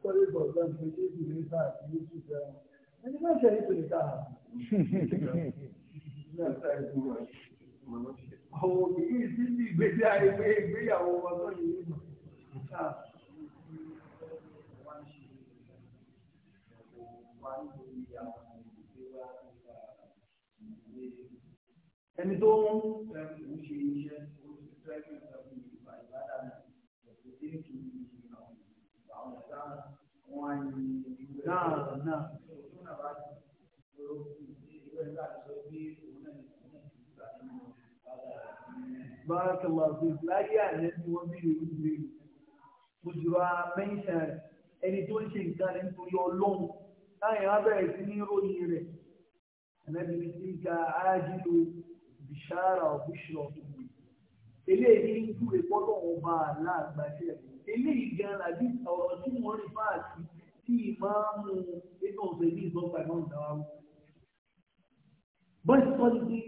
sọ́rí bọ̀ọ̀sán pé jésù ní sáà àti yéṣù Àwọn Ẹni tó ń ṣe iṣẹ́ tó ti ọ̀sán fi ìgbà ìbádà náà ọ̀sẹ̀ tí kì í ṣe àwọn ọ̀sá wọn á yin ìwé náà náà. náà بارك الله فيك àná tí wọ́n bí ìlú ìlú mo jùlọ mẹ́ńṣà ẹni tó ń ṣe nǹkan rẹ̀ nítorí ọlọ́run láyìn á bẹ̀rẹ̀ sí ní ròyìn rẹ̀ ẹ̀mẹ́bìnrin tí ń ka ájílò bìṣára ọ̀bùṣọ̀ eléyìí ń kúrè pọ́lọ́ ọba aláàgbàṣẹ́ eléyìí gan làbí ọ̀rọ̀ tí wọ́n rí fáàtì tí ìmáàmù nínú ọ̀sẹ̀ ní ìsọ̀gbà náà dáwọ́ bọ́sì sọ́ni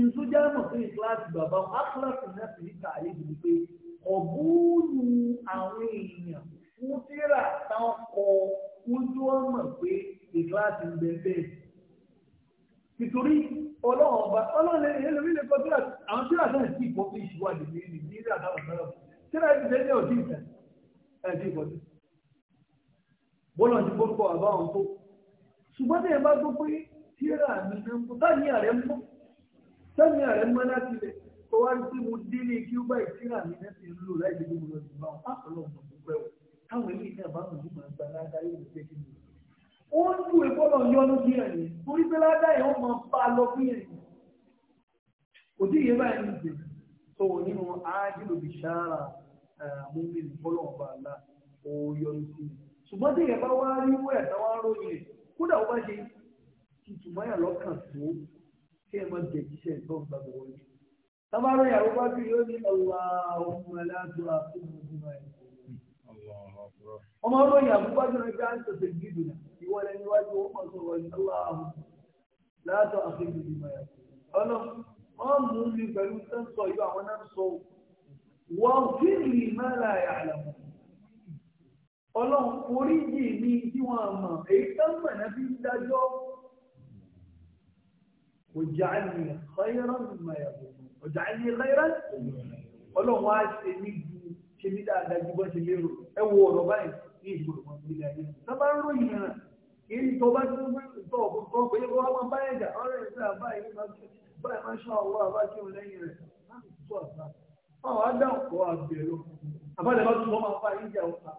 ìtújá mọ̀ sí kíláàsì bàbá wọn ákíláàsì náà sì ní tààrí ìlú pé ọ̀bùnù àwọn èèyàn fún tíra táwọn kọ ojú ọmọ pé ìkíláàsì ń bẹ bẹ́ẹ̀. nítorí ọlọ́run ọba ọlọ́run ẹlòmí lè kọ tíra àwọn tíra náà sì kọ́ fún ìṣíwádìí ní ìlú ní ìlú àtàwọn ọ̀sán tíra ti lẹ́yìn ọ̀dí ìtàn ẹ̀dí ìkọ́jú. bọ́lá ti gbọ́dọ̀ àbáwọn tó ṣùgbọ́n tí ẹ bá gbọ́ pé tíra mi náà kò táyà rẹ̀ mọ́ sẹ́mi ààrẹ mọ́ láti lẹ̀ kó wá sí mo dín ní kí ó bá ìtìrà mi náà ti ń lò láì dé mo lọ sí bá wọn pápọ̀lọ́ ọ̀nà gbogbo ẹ̀wọ̀ táwọn ilé ìtàn bá wọn yìí máa gba ládàá yóò jẹ́ kí ni. ó ń dùn èkó lọ yọnu bí ẹ̀yìn torí pé ládàá yẹn wọ́n máa bá a lọ bí ẹ̀yìn. kò tí ìyẹn báyìí ń jẹ tó nínú ájílò bí sára múmi nìkọ́lọ̀ ọba àlá ó yọnu sí kí ẹ má jẹ jíṣẹ́ ìtọ́ gba gbogbo yìí. Tábàárọ̀ ìyàwó bá bí yóò ní Allahumma la tu'akhidhni bima yaqulun. Ọmọ ọlọ́ ìyàwó bá dùn ẹgbẹ́ àti ọ̀sẹ̀ gígùn náà. Ìwọ lẹni wájú ó mọ̀ sọ̀rọ̀ ní Allahumma la tu'akhidhni bima yaqulun. Ọlọ́ náà sọ wọ́n fi lè má la tí wọ́n mọ̀ èyí tó ń mọ̀ náà fi ń dájọ́ وجعلني خيرا مما يظنون وجعلني خيرا ọlọ́run wá ṣe mí ju ṣe mí dáadáa ju bọ́n ṣe lérò ẹ wo ọ̀rọ̀ báyìí ní ìṣòro wọn ní ilé ayé tó bá ń ròyìn hàn kí ní tó bá tó gbé tó ọ̀pọ̀ tó gbé kó wá máa bá ẹ̀dà ọ̀rẹ́ ìgbé àbáyé máa ṣe báyìí máa ṣọ́ àwọn àbá kí wọn lẹ́yìn rẹ̀ láti tó àbá àwọn adá ọ̀pọ̀ àbẹ̀rẹ̀ àbálẹ̀ bá tún máa bá ìjà ọ̀pá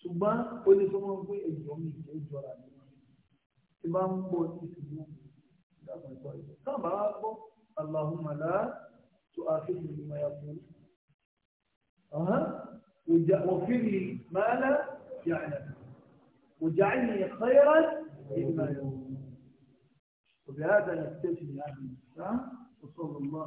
ṣùgbọ́n ó ní tó máa ń gbé ẹ̀jọ̀ mi ìjọ ìjọra mi اللهم لا تؤاخذني بما يقول اها واغفر لي ما لا يعلم واجعلني خيرا مما يقول وبهذا نكتفي بهذا الاسلام وصلى الله